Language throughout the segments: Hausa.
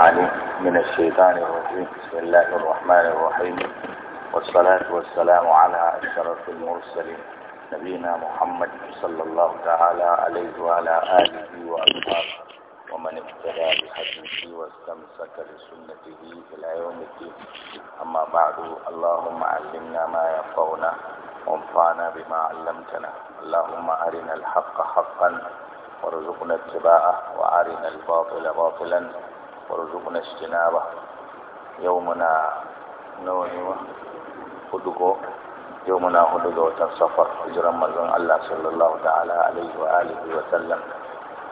علي من الشيطان الرجيم بسم الله الرحمن الرحيم والصلاة والسلام على أشرف المرسلين نبينا محمد صلى الله تعالى عليه وعلى آله وأصحابه ومن اهتدى بحديثه واستمسك بسنته إلى يوم الدين أما بعد اللهم علمنا ما ينفعنا وانفعنا بما علمتنا اللهم أرنا الحق حقا وارزقنا اتباعه وأرنا الباطل باطلا na warzuqna ba, yau muna nawa ne wa hudu ko yau muna hudu ga watan safar hujjiran mazan Allah sallallahu ta'ala alaihi wa alihi wa sallam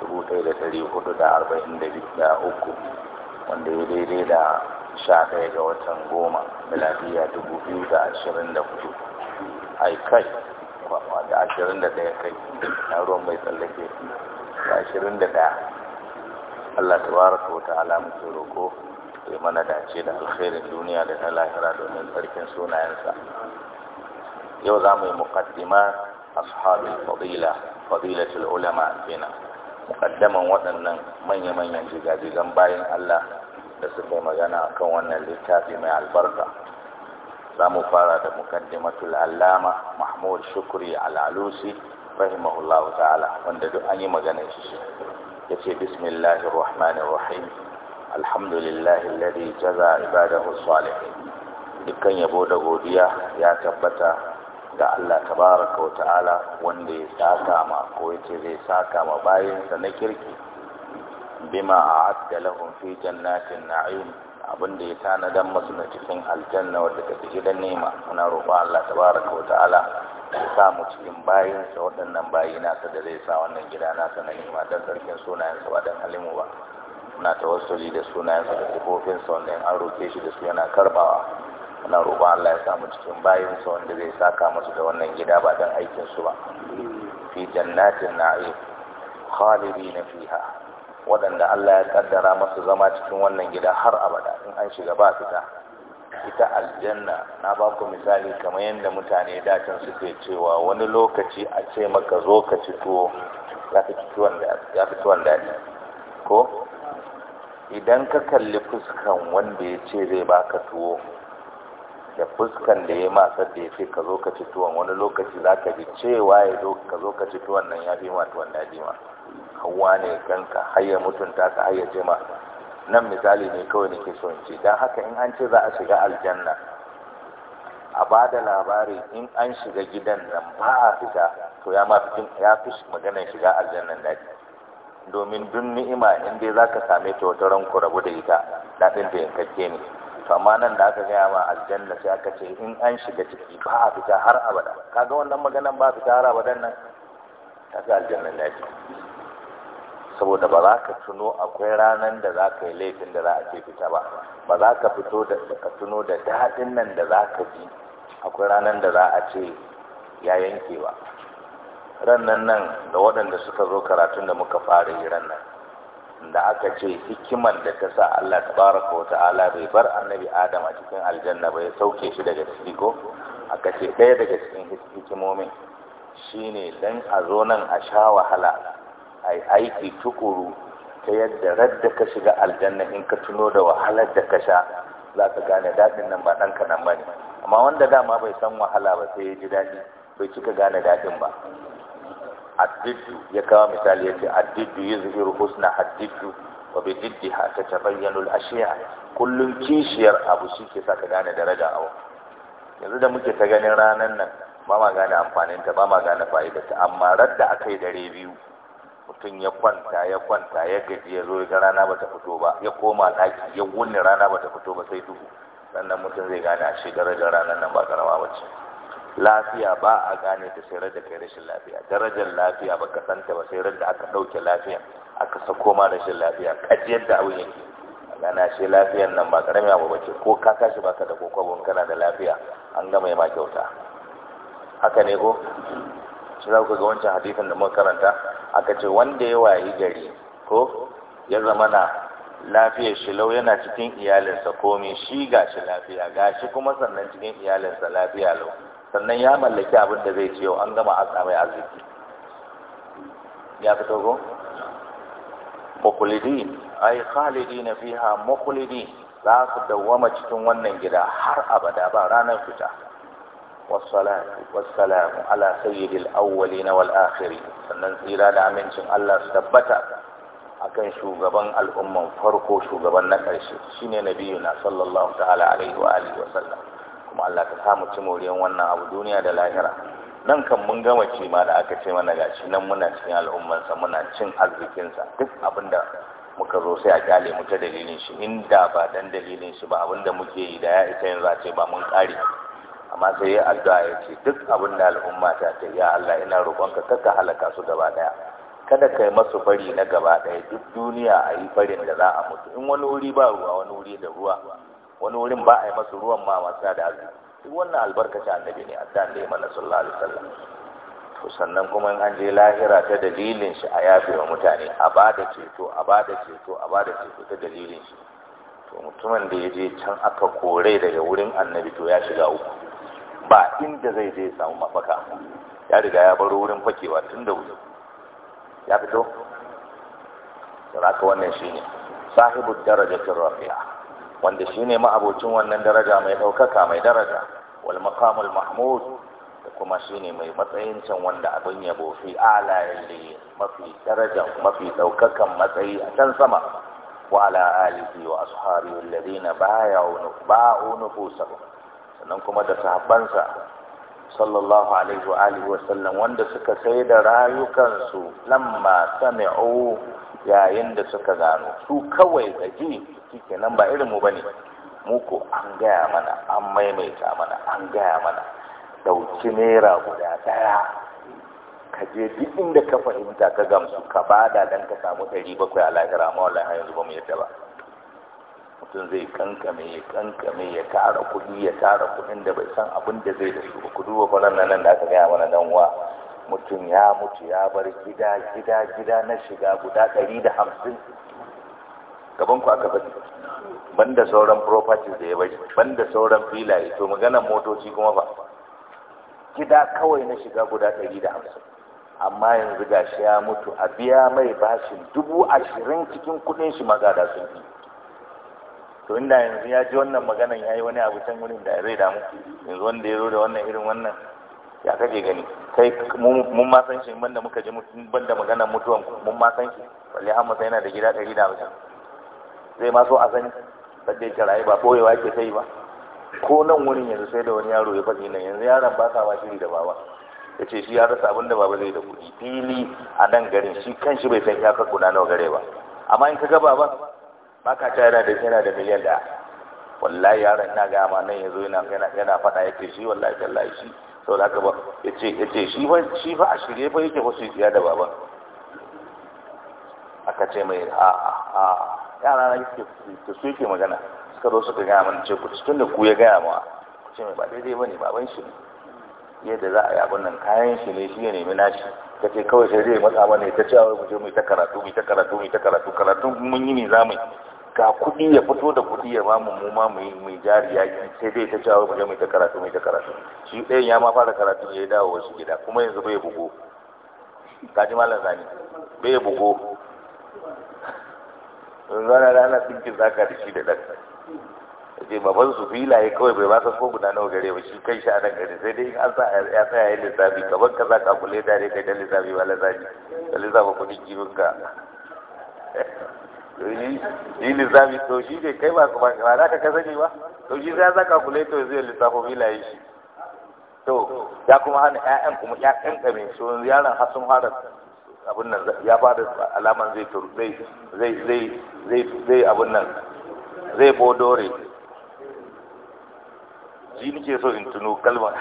dubu ɗaya da ɗari hudu da arba'in da biyu da uku wanda ya daidai da sha ɗaya ga watan goma miladiya dubu biyu da ashirin da hudu ai kai da ashirin da daya kai na ruwan mai tsallake da ashirin da daya. Allah tabaraka wa ta'ala muke roko ya mana dace da alkhairin duniya da ta lahira domin sarkin sunayensa yau za mu yi muqaddima ashabul fadila fadilatul ulama kenan muqaddaman waɗannan manya-manyan jigajigan bayan Allah da suka yi magana akan wannan littafi mai albarka za mu fara da muqaddimatul allama mahmud shukri al-alusi rahimahullahu ta'ala wanda duk an yi magana shi يتي بسم الله الرحمن الرحيم الحمد لله الذي جزى عباده الصالحين dukkan yabo da godiya ya tabbata ga Allah tabaraka wa ta'ala wanda ya saka ma ko zai saka ma bayansa na kirki bima a'adda lahum fi jannatin na'im abinda ya tanadan masu na cikin aljanna wadda take gidan nema muna roƙon Allah tabaraka wa ta'ala sa mu cikin bayinsa waɗannan bayi nasa da zai sa wannan gida nasa na hima don sarkin sunayensa ba don halimu ba muna tawassuli da sunayensa da sifofinsa wanda in an roke shi da su yana karbawa muna roƙon Allah ya sa mu cikin bayinsa wanda zai saka musu da wannan gida ba don aikinsu ba fi jannatin na'im na fiha waɗanda Allah ya kaddara masu zama cikin wannan gida har abada in an shiga ba fita ita aljanna na ba ku misali kamar yadda mutane dacin suke cewa wani lokaci a ce maka zo ka ci tuwo ya fi tuwon daɗi ko idan ka kalli fuskan wanda ya ce zai baka tuwo da fuskan da ya masa da ya ce ka zo ka ci tuwon wani lokaci za ka ji cewa ya zo ka zo ka ci tuwon nan ya fi ma tuwon daji ma hawa ne kanka har ya mutunta ka har jima. nan misali ne kawai nake so in ce don haka in an ce za a shiga aljanna a ba da labari in an shiga gidan nan ba a fita to ya fi maganar shiga aljannan daji domin dun ni'ima in dai za ka same ta wata ranku rabu da ita daɗin ta yankakke ne to amma nan da aka gaya ma aljanna sai aka ce in an shiga ciki ba a fita har abada kaga wannan maganan ba a fita har abadan nan ta ga da daji saboda ba za ka tuno akwai ranar da za ka yi laifin da za a ce fita ba ba za ka fito da ka tuno da daɗin nan da za ka ji akwai ranar da za a ce ya yanke ba rannan nan da waɗanda suka zo karatun da muka fara yi rannan da aka ce hikimar da ta sa Allah tabaraka wa ta'ala bai bar annabi Adam a cikin aljanna ba ya sauke shi daga ciki ko aka ce ɗaya daga cikin hikimomin shine dan a zo nan a sha wahala ai aiki tukuru ta yadda radda ka shiga aljanna in ka tuno da wahalar da ka sha za ka gane daɗin nan ba ɗan kanan ba ne amma wanda dama bai san wahala ba sai ya ji daɗi bai cika gane daɗin ba addiddu ya kawo misali ya ce addiddu yi zuhiru husna addiddu wa bi ha ta tabayyanul ashiya kullum kishiyar abu shi ke sa ka gane daraja abu yanzu da muke ta ganin ranar nan ba ma gane amfaninta ba ma gane fa'idarta amma radda aka yi dare biyu mutum ya kwanta ya kwanta ya gaji ya zo ga rana bata fito ba ya koma daki ya wuni rana bata fito ba sai duhu sannan mutum zai gane a shi darajar ranar nan ba karama ba ce lafiya ba a gane ta sai da kai rashin lafiya darajar lafiya ba ka santa ba sai da aka ɗauke lafiya aka sako ma rashin lafiya kaji yadda abin yake gana shi lafiyan nan ba karami abu bace ko ka tashi baka da kokwabon kana da lafiya an gama ma kyauta haka ne ko shi za ku ga wancan hadisin da muka karanta aka ce wanda ya wayi gari ko ya zama na lafiyar shilau yana cikin iyalinsa komi shi gashi lafiya gashi kuma sannan cikin iyalinsa lafiya lau sannan ya mallaki abin da zai ciwo, an gama aka mai arziki ya fito ko mukulidi ai khalidi na fiha mukulidi za su dawwama cikin wannan gida har abada ba ranar fita والصلاة والسلام على سيد na والآخرين sannan tsira da amincin Allah su tabbata akan shugaban al'umman farko shugaban na ƙarshe shine nabiyuna sallallahu ta'ala alaihi wa alihi wa sallam kuma Allah ta samu ci moriyan wannan abu duniya da lahira nan kan mun gama ci ma da aka ce mana gashi nan muna cikin al'ummansa muna cin arzikinsa duk abinda muka zo sai a kyale mu ta dalilin shi inda ba dan dalilin shi ba abinda muke yi da ya ita yanzu a ce ba mun kare amma sai ya addu'a ya ce duk abin da al'umma ta ce ya Allah ina kar kaka halaka su gaba daya kada kai masu fari na gaba daya duk duniya a yi farin da za a mutu in wani wuri ba ruwa wani wuri da ruwa wani wurin ba a yi masu ruwan ma masu da azumi duk wannan albarkaci annabi ne addu'a da ya mana sallallahu alaihi wasallam to sannan kuma in an je lahira ta dalilin shi a yafe wa mutane a ba da ceto a ba da ceto a ba da ceto ta dalilin shi to mutumin da ya je can aka kore daga wurin annabi to ya shiga uku ba inda zai je samu mafaka ya riga ya baro wurin fakewa tun da wuri ya fito saraka wannan shine sahibu darajatin rafi'a wanda shine ma'abocin wannan daraja mai daukaka mai daraja wal maqamul mahmud da kuma shine mai matsayin can wanda abin yabo fi alayi mafi daraja mafi daukakan matsayi a can sama wa ala alihi wa ashabihi alladhina ba'u nufusahum sannan kuma da sahabbansa sallallahu alaihi wa alihi wasallam wanda suka sai da rayukansu lamma sami'u yayin da suka gano su kawai gaji kike nan ba irin mu bane mu ko an gaya mana an maimaita mana an gaya mana dauki naira guda daya ka je duk inda ka fahimta ka gamsu ka bada dan ka samu 700 a lahira amma wallahi yanzu ba mu yadda ba mutum zai kankame ya kankame ya tara kuɗi ya tara kuɗin da bai san abin da zai da su ba ku duba kwanan nan da aka gaya mana dan uwa mutum ya mutu ya bar gida gida gida na shiga guda ɗari da hamsin gaban ku aka faɗi banda sauran properties da ya bari banda sauran filaye to maganar motoci kuma ba gida kawai na shiga guda ɗari da hamsin amma yanzu shi ya mutu a biya mai bashin dubu ashirin cikin kuɗin shi magada sun fi to inda yanzu ya ji wannan maganan ya yi wani abu can wurin da zai damu yanzu wanda ya zo da wannan irin wannan ya kaje gani kai mun ma san shi banda muka ji banda maganan mutuwan mun ma san shi balle amma sai yana da gida ɗari da wajen zai ma so a sani sadda yake rayu ba ɓoyewa yake sai ba ko nan wurin yanzu sai da wani yaro ya faɗi nan yanzu yaron ba sa ma shiri da baba ya ce shi ya rasa abin da baba zai da kuɗi fili a nan garin shi kan shi bai san iyakar kuna nawa gare ba amma in ka gaba baba baka ta yana da yana da miliyan da wallahi yaron ina ga ma nan yanzu yana yana yana fada yake shi wallahi tallahi shi da haka ba yace yace shi ba shi ba a shirye ba yake wasu tsiya da baban aka ce mai a a yara na yake to su yake magana suka zo suka gaya mana ce ku tun da ku ya gaya ma ce mai ba daidai bane baban shi ne yadda za a yi abin nan kayan shi ne shi ya nemi nashi ta ce kawai sai zai matsa mana ta cewa mu je mu ta karatu mu ta karatu mu ta karatu karatu mun yi ne za mu ga kuɗi ya fito da kuɗi ya bamu mu ma mu yi jari ya sai dai ta cewa mu je mu ta karatu mu ta karatu shi ɗayan ya ma fara karatu ya dawo wasu gida kuma yanzu bai bugo ka ji malam zani bai bugo yanzu ana rana tsinkin zaka da shi da ɗan ce baban su filaye kawai bai ba ko guda nawa gare ba shi kai shi a nan gari sai dai an sa ya tsaya yin lissafi kaban ka za ka kule da kai da lissafi ba lissafi da lissafa kuɗin kifin ka yi lissafi to shi ne kai ba ba za ka kasance ba to shi sai za ka kule to zai lissafa filaye shi to ya kuma hana ƴaƴan kuma ƴaƴan kamin so yaran har sun fara abin nan ya fara alaman zai zai zai zai abin nan zai bodore shi muke so in tuno kalmar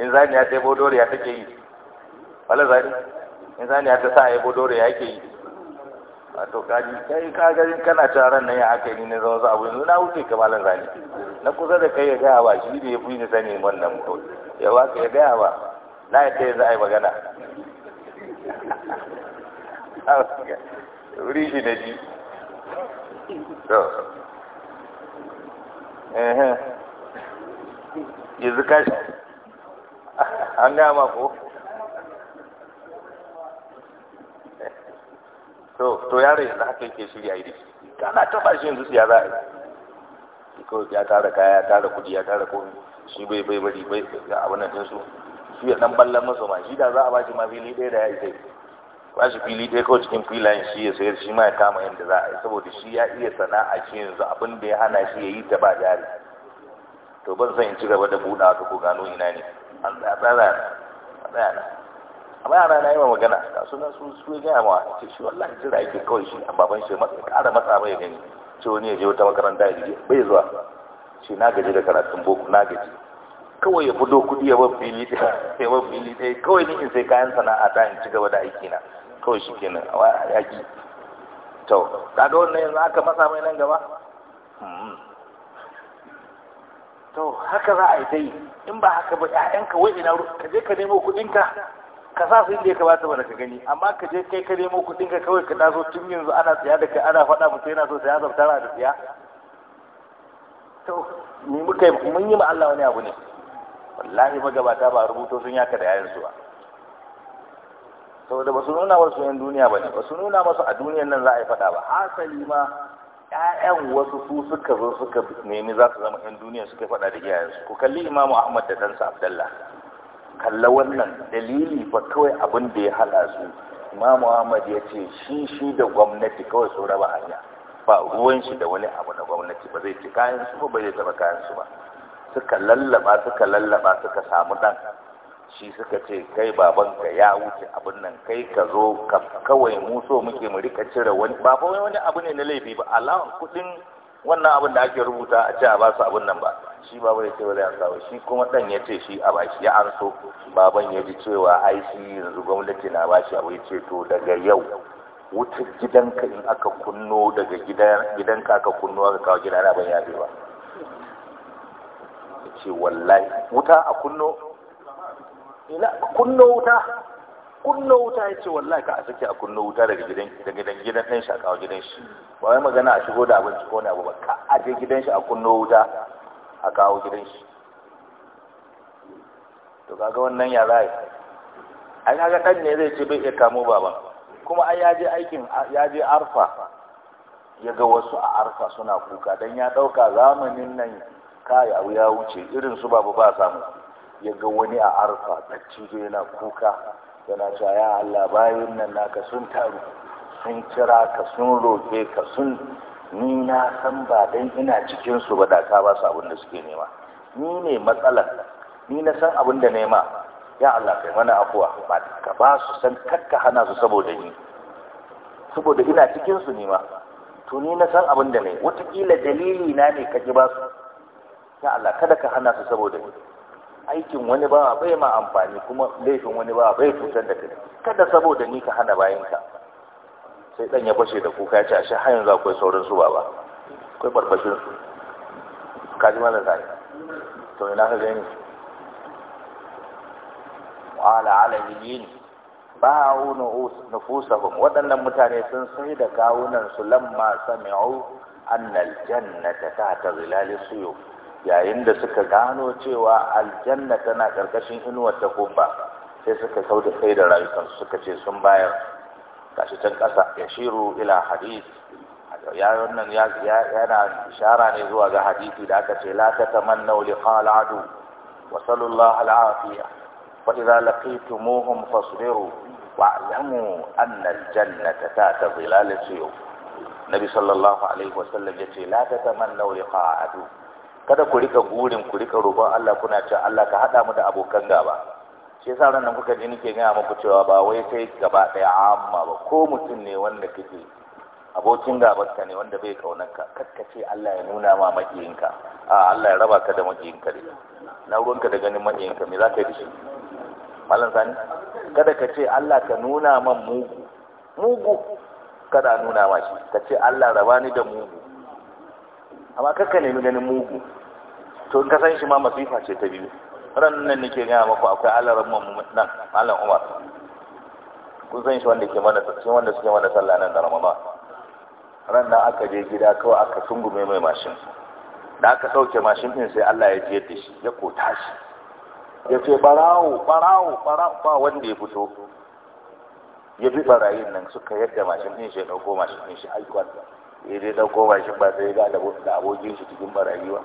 in zani ya ta yabo dore ya take yi wala zani in zani ya ta sa yabo dore ya ke yi wato kaji kai ka garin kana taron nan ya aka yi ne zama abu yanzu na wuce ka malam zani na kusa da kai ya gaya ba shi ne ya fi ni sani wannan mutum ya ba ka ya gaya ba na ya ta za a yi magana wuri shi na ji yanzu kashi an gama ko to to yaro yanzu haka yake shirya yi kana taba shi yanzu siya za a yi kawai ya tara kaya ya tara kudi ya tara komi shi bai bai bari bai abin nan su shi ya dan ballan masa ma shi da za a shi ma fili ɗaya da ya isa ba shi fili ɗaya kawai cikin filayen shi ya sayar shi ma ya kama yadda za a yi saboda shi ya iya sana'a shi yanzu abin da ya hana shi ya yi ta ba jari to ban san in ci gaba da buɗa wata ko gano ina ne an tsaya tsaya a tsaya na amma yara na yi ma magana ga sunan su su ya gaya ma ce shi wallahi jira yake kawai shi amma ban shi matsa ƙara matsa mai gani ce wani ya je wata makaranta ya je bai zuwa ce na gaji da karatun boko na gaji kawai ya fito kuɗi ya bar fili ɗaya kawai ni in sai kayan sana'a ta in ci gaba da aiki na kawai shi kenan a yaƙi to kaga ne yanzu aka masa mai nan gaba hmm. to haka za a yi ta yi in ba haka ba ƴaƴanka wai ina ka je ka nemo kuɗinka ka sa su inda ya kamata ba da ka gani amma ka je kai ka nemo kuɗinka kawai ka taso tun yanzu ana siya da kai ana faɗa mutum yana so tsaya zabtara da siya? to ni muka yi mun yi ma Allah wani abu ne wallahi magabata ba rubuto sun yaka da yayin su ba saboda ba su nuna wasu yan duniya ba ne ba su nuna masu a duniyan nan za a yi faɗa ba hasali ma 'ya'yan wasu su suka zo suka nemi za su zama yan duniya suka faɗa da su ku kalli imamu ahmad da ɗansa abdallah kalla wannan dalili ba kawai abin da ya haɗa su imamu ahmad ya ce shi shi da gwamnati kawai sun raba hanya ba ruwan shi da wani abu na gwamnati ba zai ci kayan su ba zai taɓa kayan su ba suka lallaba suka lallaba suka samu ɗan shi suka ce kai babanka ya wuce abin nan kai ka zo kawai mu so muke mu rika cire wani ba fa wani abu ne na laifi ba alawan kudin wannan abin da ake rubuta a ce a ba su abin nan ba shi ba ya ce ba zai ansa ba shi kuma dan ya ce shi a shi ya anso baban ya ji cewa ai shi yanzu gwamnati na bashi abu ya ce to daga yau wuce gidanka in aka kunno daga gidanka aka kunno aka kawo gidana ban yabe ba ce wallahi wuta a kunno Kunna kunno wuta kunno wuta ya ce wallahi ka a sake a kunno wuta daga gidan gidan gidan ɗan shakawa gidan shi ba wai magana a shigo da abinci ko ne abu ba ka a je gidan shi a kunno wuta a kawo gidan shi to kaga wannan ya zai ai kaga ɗan ne zai ce bai iya kamo baba kuma ai ya je aikin ya je arfa ya ga wasu a arfa suna kuka don ya ɗauka zamanin nan kai abu ya wuce irin su babu ba samu ya ga wani a arfa dattijo yana kuka yana cewa ya Allah bayan nan naka sun taru sun kira ka sun roƙe ka sun ni na san ba dan ina cikin su ba da ka ba su abin da suke nema ni ne matsalar ni na san abin da nema ya Allah kai mana afuwa ba ka ba su san kakka hana su saboda ni saboda ina cikin su nema to ni na san abin da ne wataƙila dalili na ne ka ji ba su ya Allah kada ka hana su saboda ni aikin wani bawa bai ma amfani kuma laifin wani ba bai cutar da kai kada saboda ni ka hana bayanka sai dan ya fashe da kuka ya ce ashe har yanzu akwai saurin su baba akwai barbashin su ka ji malam to ina ka gani wala ala yin ba'u nufusahum waɗannan mutane sun sai da kawunan su lamma sami'u annal jannata ta ta zilalisu yayin da suka gano cewa aljanna tana karkashin inuwar ta kofa sai suka kau kai da rayukan suka ce sun bayar gashi can kasa ya shiru ila hadith ya wannan ya yana ishara ne zuwa ga hadisi da aka ce la ta tatamannu li qaladu wa sallallahu al'afiya wa idza laqitumuhum fasbiru wa alamu anna aljannata tata tahta dhilal nabi sallallahu alaihi wasallam yace la tatamannu liqa al'adu kada ku rika gurin ku rika roƙon Allah kuna cewa Allah ka haɗa mu da abokan gaba shi yasa ran nan kuka ji nake gaya muku cewa ba wai sai gaba ɗaya amma ba ko mutum ne wanda kake abokin gabanka ne wanda bai kaunarka kakka ce Allah ya nuna ma maƙiyinka a Allah ya raba ka da maƙiyinka ne na ruwanka da ganin maƙiyinka me za ka yi da shi malam sani kada ka ce Allah ka nuna man mugu mugu kada nuna ma shi ka ce Allah raba ni da mugu amma kakka nemi ganin mugu to in ka san shi ma masifa ce ta biyu ran nan nake gaya maku akwai alaran mu nan malam umar kun san shi wanda ke mana shi wanda suke mana sallah nan da ramadan ran nan aka je gida kawai aka sungume mai mashin da aka sauke mashin ɗin sai Allah ya jiyar da shi ya kota shi ya ce barawo barawo barawo ba wanda ya fito ya bi barayin nan suka yadda mashin din shi ya dauko mashin ɗin shi aikwan ya dai ba mashin ba sai ga da abokin shi cikin barayi ba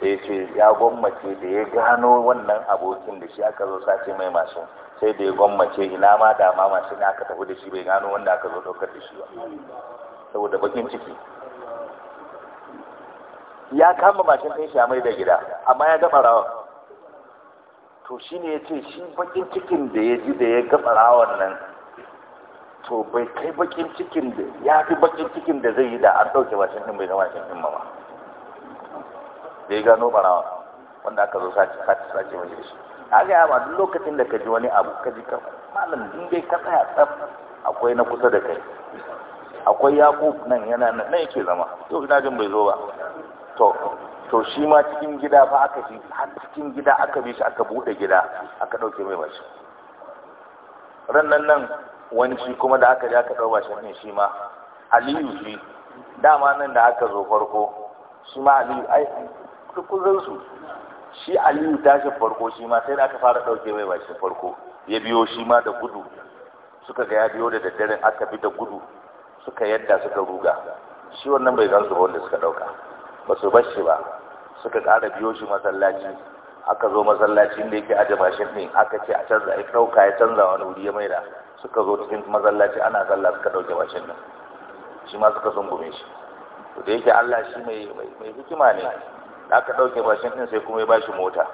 sai ce ya gwammace da ya gano wannan abokin da shi aka zo sace mai masu sai da ya gwammace ina ma da ma ne aka tafi da shi bai gano wanda aka zo daukar da shi ba saboda bakin ciki ya kama mashin ɗin shi a mai da gida amma ya gaba rawa to shine ya ce shi bakin cikin da ya ji da ya gaba rawa nan to bai kai bakin cikin da ya fi bakin cikin da zai yi da an ɗauke washin ɗin bai zama washin ɗin ba da ya gano barawa wanda aka zo sace sace sace wani shi a ga yawa duk lokacin da ka ji wani abu ka ji ka malam din bai ka tsaya tsaf akwai na kusa da kai akwai yakub nan yana nan yake zama to ina jin bai zo ba to to shi ma cikin gida fa aka shi har cikin gida aka bi shi aka bude gida aka dauke mai bashi ran nan nan wani shi kuma da aka ja ka ɗau bashin ne shi ma aliyu shi dama nan da aka zo farko shi ma aliyu ai kuzan su shi aliyu tashin farko shi ma sai da aka fara ɗauke mai bashin farko ya biyo shi ma da gudu suka ga ya biyo da daddaren aka bi da gudu suka yadda suka ruga shi wannan bai zan zuwa wanda suka ɗauka ba su bar shi ba suka ƙara biyo shi masallaci aka zo masallacin da yake aje bashi ne aka ce a canza ya ɗauka ya canza wani wuri ya maida suka zo cikin masallaci ana sallah suka dauke mashin nan shi ma suka sungume shi to da yake Allah shi mai mai hikima ne aka dauke mashin din sai kuma ya bashi mota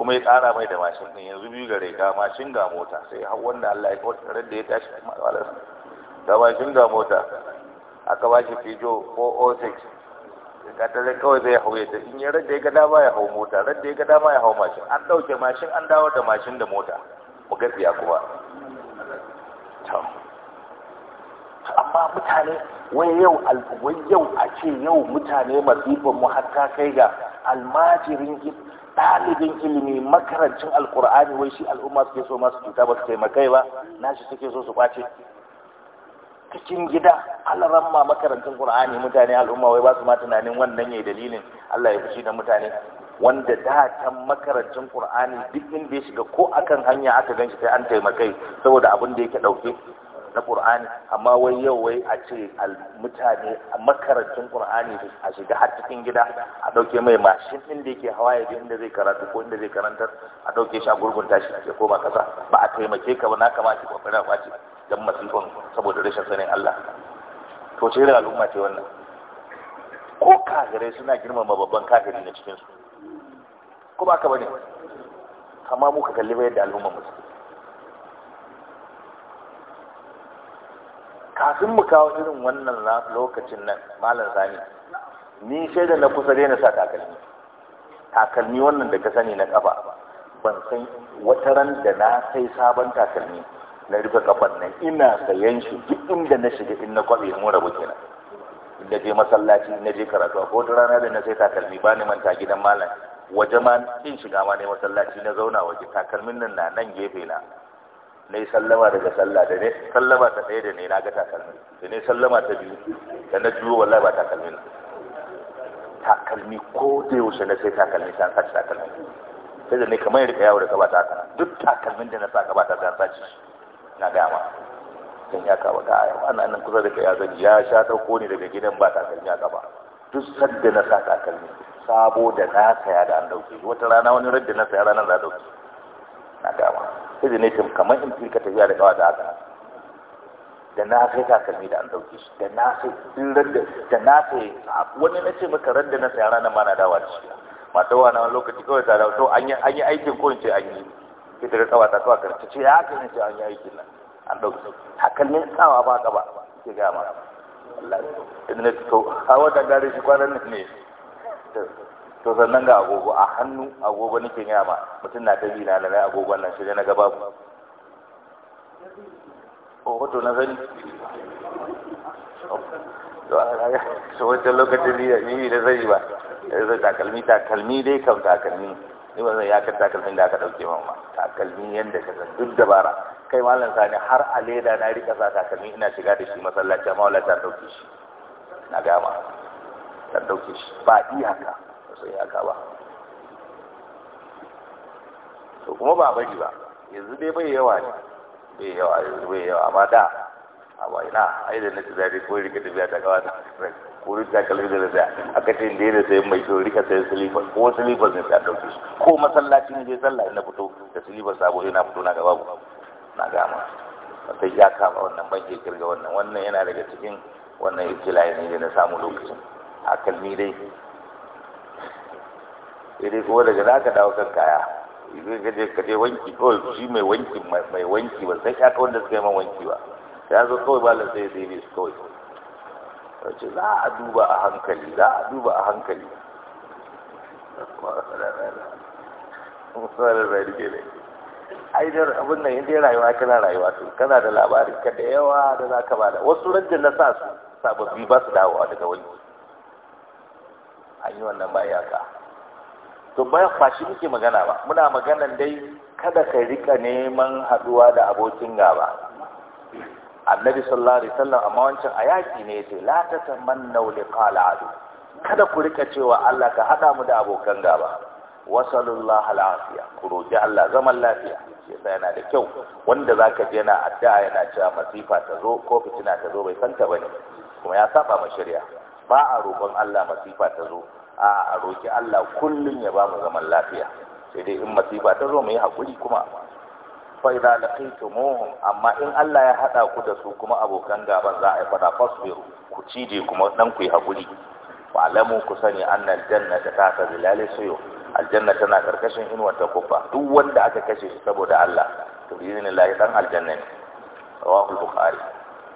kuma ya tsara mai da mashin din yanzu biyu gare ga mashin ga mota sai wanda Allah ya kawatar da ya tashi da mashin ga mota aka bashi fijo 406 katarai kawai zai hau ta in yi radda ya gada ba ya hau mota radda ya gada ba ya hau mashin an ɗauke mashin an dawo da mashin da mota mu gafiya kuma amma mutane wai yau wai yau a ce yau mutane masifin mu hatta kai ga almajirin ɗalibin ilimi makarancin alkur'ani wai shi al'umma suke so masu cuta ba su taimakai ba na shi suke so su ɓace. cikin gida alaran ma makarantun qur'ani mutane al'umma wai ba su ma tunanin wannan yayi dalilin Allah ya fushi da mutane wanda da can makarancin qur'ani duk inda ya shiga ko akan hanya aka ganshi sai an taimakai saboda abin da yake dauke na qur'ani amma wai yau wai a ce mutane makarancin qur'ani a shiga har cikin gida a dauke mai mashin din da yake hawa ya inda zai karatu ko inda zai karantar a dauke shi a gurgunta shi ya koma kasa ba a taimake ka ba na kamata ki kokarin kwaci dan masifan saboda rashin sanin Allah to ce al'umma ce wannan ko kafirai suna girmama babban kafiri na cikinsu ko ba ka bane amma mu ka kalli ba da al'umma mu kafin mu kawo irin wannan lokacin nan malam sani ni shaida na kusa daina sa takalmi takalmi wannan da ka sani na kafa ban san wata ran da na sai sabon takalmi na rufe kafan nan ina sayan shi duk inda na shiga in na kwabe mu rabu kenan da je masallaci na je karatu a ko rana da na sai takalmi ba ni manta gidan malam waje ma in shiga ma ne masallaci na zauna waje takalmin nan na nan gefe na ne sallama daga sallah da ne sallama ta ɗaya da ne na ga takalmin da ne sallama ta biyu da na biyu wallahi ba takalmin takalmi ko da yaushe na sai takalmi sai an sace takalmi sai da ne kamar yadda yawo da ka ba ta duk takalmin da na sa ka ba ta sai an sace na gama Dan ya kawo ta ayyau ana nan kusa da ka ya zan ya sha ɗauko ne daga gidan ba takalmi a gaba duk sadda na sa takalmi sabo da na saya da an dauke wata rana wani radda na saya ranar da dauke na dama izinatin kamar in ka tafiya da kawai da haka da na sai takalmi da an dauke shi da na sai in radda da na sai wani na ce maka radda na saya ranar ma na dawa da shi matawa na wani lokaci kawai ta dawo to an yi aikin ko in ce an yi ki ta kawa ta kawa karta ce ya haka ne ce an yi aikin nan an dauke takalmin tsawa ba ka ba ke gama Allah idan ne to hawa da gare shi kwanan ne sittin to sannan ga agogo a hannu agogo nake yi ma mutum na ta na lalai agogon nan shiga na gaba ku o hoto na sani so wancan lokacin yi da zai ba eh, zai takalmi takalmi dai kam takalmi ni ba zan ya kan takalmin da aka dauke min ma takalmi yanda ka san duk dabara kai mallan sani har a leda na rika sa takalmi ina shiga da shi masallaci amma wala ta dauke shi na gama ta dauke shi ba iyaka ba sai iyaka ba to kuma ba bari ba yanzu dai bai yawa ne bai yawa yanzu bai yawa amma da amma ina ai da nake zari ko rika tafiya ta kawa ta ko rika ta da da aka ce inda yana sayan mai kyau rika sayan silifa ko silifa ne ta dauke shi ko masallaci ne je sallah ina fito da silifa sabo yana fito na gaba na gama sai ya ba wannan banke ke kirga wannan wannan yana daga cikin wannan ibtila'i ne da na samu lokacin a kalmi dai dai kuma daga za ka dawo kan kaya idan ka je ka je wanki kawai shi mai wanki mai wanki ba sai ya wanda suka yi man wanki ba ya zo kawai ba sai ya sai su kawai wace za a duba a hankali za a duba a hankali ai da abin nan inda rayuwa kana rayuwa to kana da labarin ka da yawa da za ka bada wasu rajin na sa su sababbi ba su dawowa daga wani an yi wannan ba iyaka to ba ba muke magana ba muna maganan dai kada ka rika neman haduwa da abokin gaba annabi sallallahu alaihi wasallam amma wancan ayaki ne yace la tatamannu liqal adu kada ku rika cewa Allah ka hada mu da abokan gaba wasallallahu alafiya ku roki Allah zaman lafiya sai yana da kyau wanda zaka je na addu'a yana cewa masifa ta zo ko fitina ta zo bai santa bane kuma ya saba ma shari'a ba a roƙon Allah masifa ta zo a a roƙi Allah kullum ya ba mu zaman lafiya sai dai in masifa ta zo mu yi haƙuri kuma fa idza laqaytumuhum amma in Allah ya hada ku da su kuma abokan gaban za a yi fada fasbiru ku cije kuma dan ku yi haƙuri wa alamu ku sani annal jannata ta ta zilali suyu aljanna tana karkashin inuwar ta kufa duk wanda aka kashe shi saboda Allah to bi idinillahi dan aljanna ne rawahu bukhari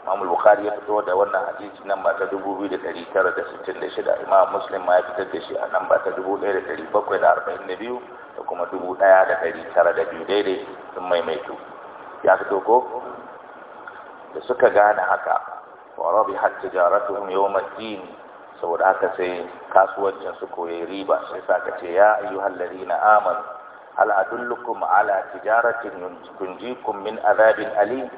Imam Bukhari ya fito da wannan hadisi nan ba ta 2966 Imam Muslim ma ya fitar da shi a nan ba ta 1742 da kuma 1902 daidai sun maimaito. ya fito ko da suka gane haka wa rabihat tijaratuhum yawm ad-din saboda haka sai kasuwancin su koyi riba sai saka ce ya ayyuhal ladina amanu hal adullukum ala tijaratin tunjikum min adhabin alim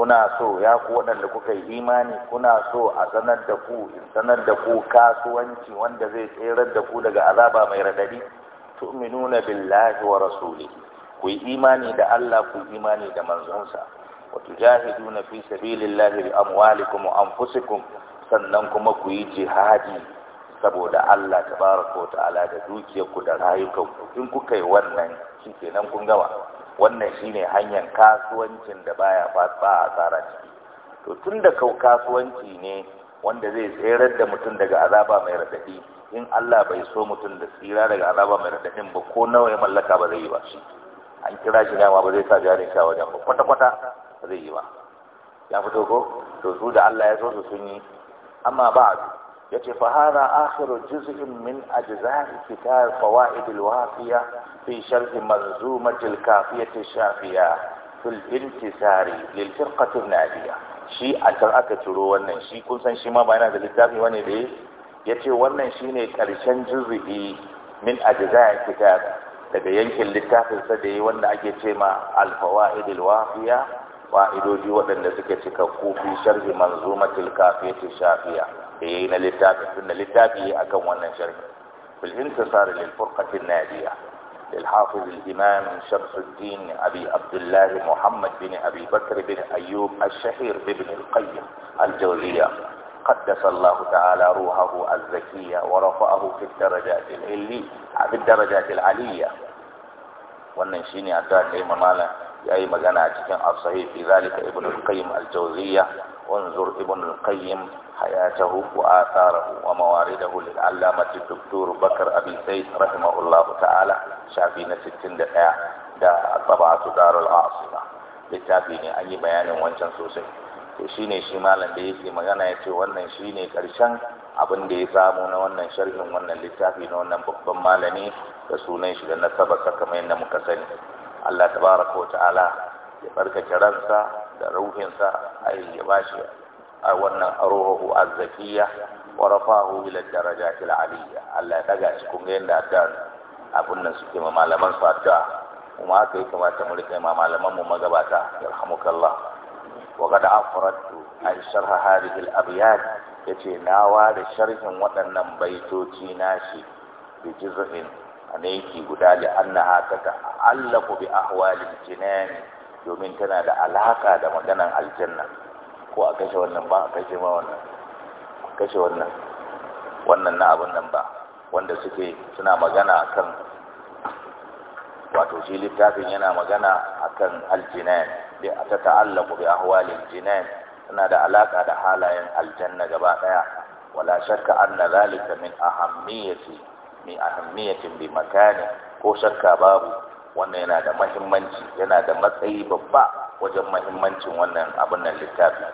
kuna so ya ku waɗanda kuka yi imani kuna so a sanar da ku in sanar da ku kasuwanci wanda zai tserar da ku daga azaba mai radadi tu'minuna billahi wa rasulihi ku yi imani da Allah ku imani da manzonsa wa tujahiduna fi sabilillahi bi amwalikum wa anfusikum sannan kuma ku yi jihadi saboda Allah tabaraka wa ta'ala da dukiyarku da rayukanku in kuka yi wannan shikenan kun gama wannan shine hanyar kasuwancin da baya fasa tsara ciki to tun da kasuwanci ne wanda zai tserar da mutum daga azaba mai radadi in Allah bai so mutum da tsira daga azaba mai radadin ba ko nawa ya mallaka ba zai yi ba shi an kira shi nama ba zai sa jarin sha wajen ba kwata kwata zai yi ba ya fito ko to su da Allah ya so su sun yi amma ba يتي فهذا آخر جزء من أجزاء كتاب فوائد الوافية في شرح مرزومة الكافية الشافية في الانتسار للفرقة النادية شيء أترى كتروا وانن شيء كل سن شما بينا ذا الكتاب واني دي يتي وانن شيء نتعرشان جزء من أجزاء الكتاب لدي ينكي الكتاب السدي وانن أجي الفوائد الوافية fa'idoji waɗanda suke cika kufi sharhi manzumatil kafiyati shafiya da yayi na littafi tunda littafi akan wannan sharhi bil intisar lil furqati nadiya lil hafiz al imam shamsuddin abi abdullah muhammad bin abi bakr bin ayyub ash-shahir ibn al qayyim al jawziya قدس الله تعالى روحه الزكية ورفعه في الدرجات العلية في الدرجات العلية wannan shine addu'a da imamala Ya yi magana a cikin as-sahih fi zalika ibn al-qayyim al-jawziyya wanzur ibn al-qayyim hayatahu wa atharahu wa mawaridahu lil-allamah dr bakr abi said rahimahullah ta'ala shafi na 61 da tabatu darul asima littafi ne an yi bayanin wancan sosai to shine shi malam da yake magana ya ce wannan shine karshen abin da ya samu na wannan sharhin wannan littafi na wannan babban malami da sunan shi da nasaba kamar yadda muka sani Allah tabaraka wa ta'ala ya barkace ransa da ruhinsa ai ya bashi a wannan ruhu azzakiya wa rafahu ila darajati aliyya Allah ya daga shi kun ga yanda dan abun nan suke ma malaman su hatta kuma haka ya kamata mu rike ma malaman mu magabata yarhamukallah wa qad afradtu an sharha hadhihi al-abyad yace na ware sharhin waɗannan baitoci nashi bi yake guda da annaha ta ta'allaku bi ahwalil jinan domin tana da alaka da maganan aljanna ko a kashe wannan ba a kashe ma wannan kashe wannan wannan na abin nan ba wanda suke suna magana akan wato shi littafin yana magana akan aljinan bi ta ta'allaku bi ahwalil jinan tana da alaka da halayen aljanna gaba daya wala shakka anna zalika min ahammiyati mai ahammiyatin bi makani ko shakka babu wannan yana da mahimmanci yana da matsayi babba wajen mahimmancin wannan abin nan littafi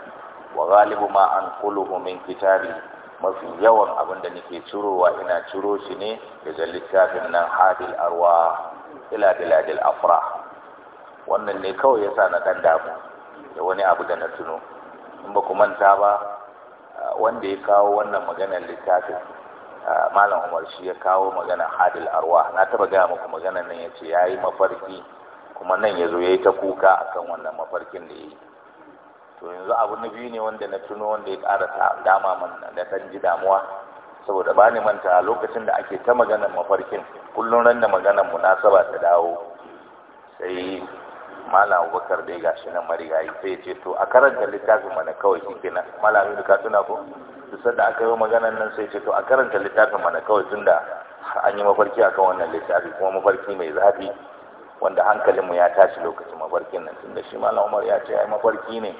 wa galibu ma an kuluhu min kitabi mafi yawan abin da nake cirowa ina ciro shi ne daga littafin nan hadil arwa ila biladil afra wannan ne kawai yasa na dan damu da wani abu da na tuno in ba ku manta ba wanda ya kawo wannan maganar littafin malam umar shi ya kawo magana hadil arwa na taba gaya muku magana nan ya ce ya yi mafarki kuma nan ya zo ya yi ta kuka akan wannan mafarkin da ya yi to yanzu abu na biyu ne wanda na tuno wanda ya ƙara dama man da kan ji damuwa saboda ba ni manta lokacin da ake ta maganar mafarkin kullum ran da maganar munasaba ta dawo sai malam abubakar dai shi nan marigayi sai ya ce to a karanta littafin mana kawai shi nan. malam aminu ka tuna ko su sanda aka yi maganan nan sai ce to a karanta littafin mana kawai tun da an yi mafarki akan wannan littafi kuma mafarki mai zafi wanda hankalinmu ya tashi lokacin mafarkin nan tunda shi malam umar ya ce ai mafarki ne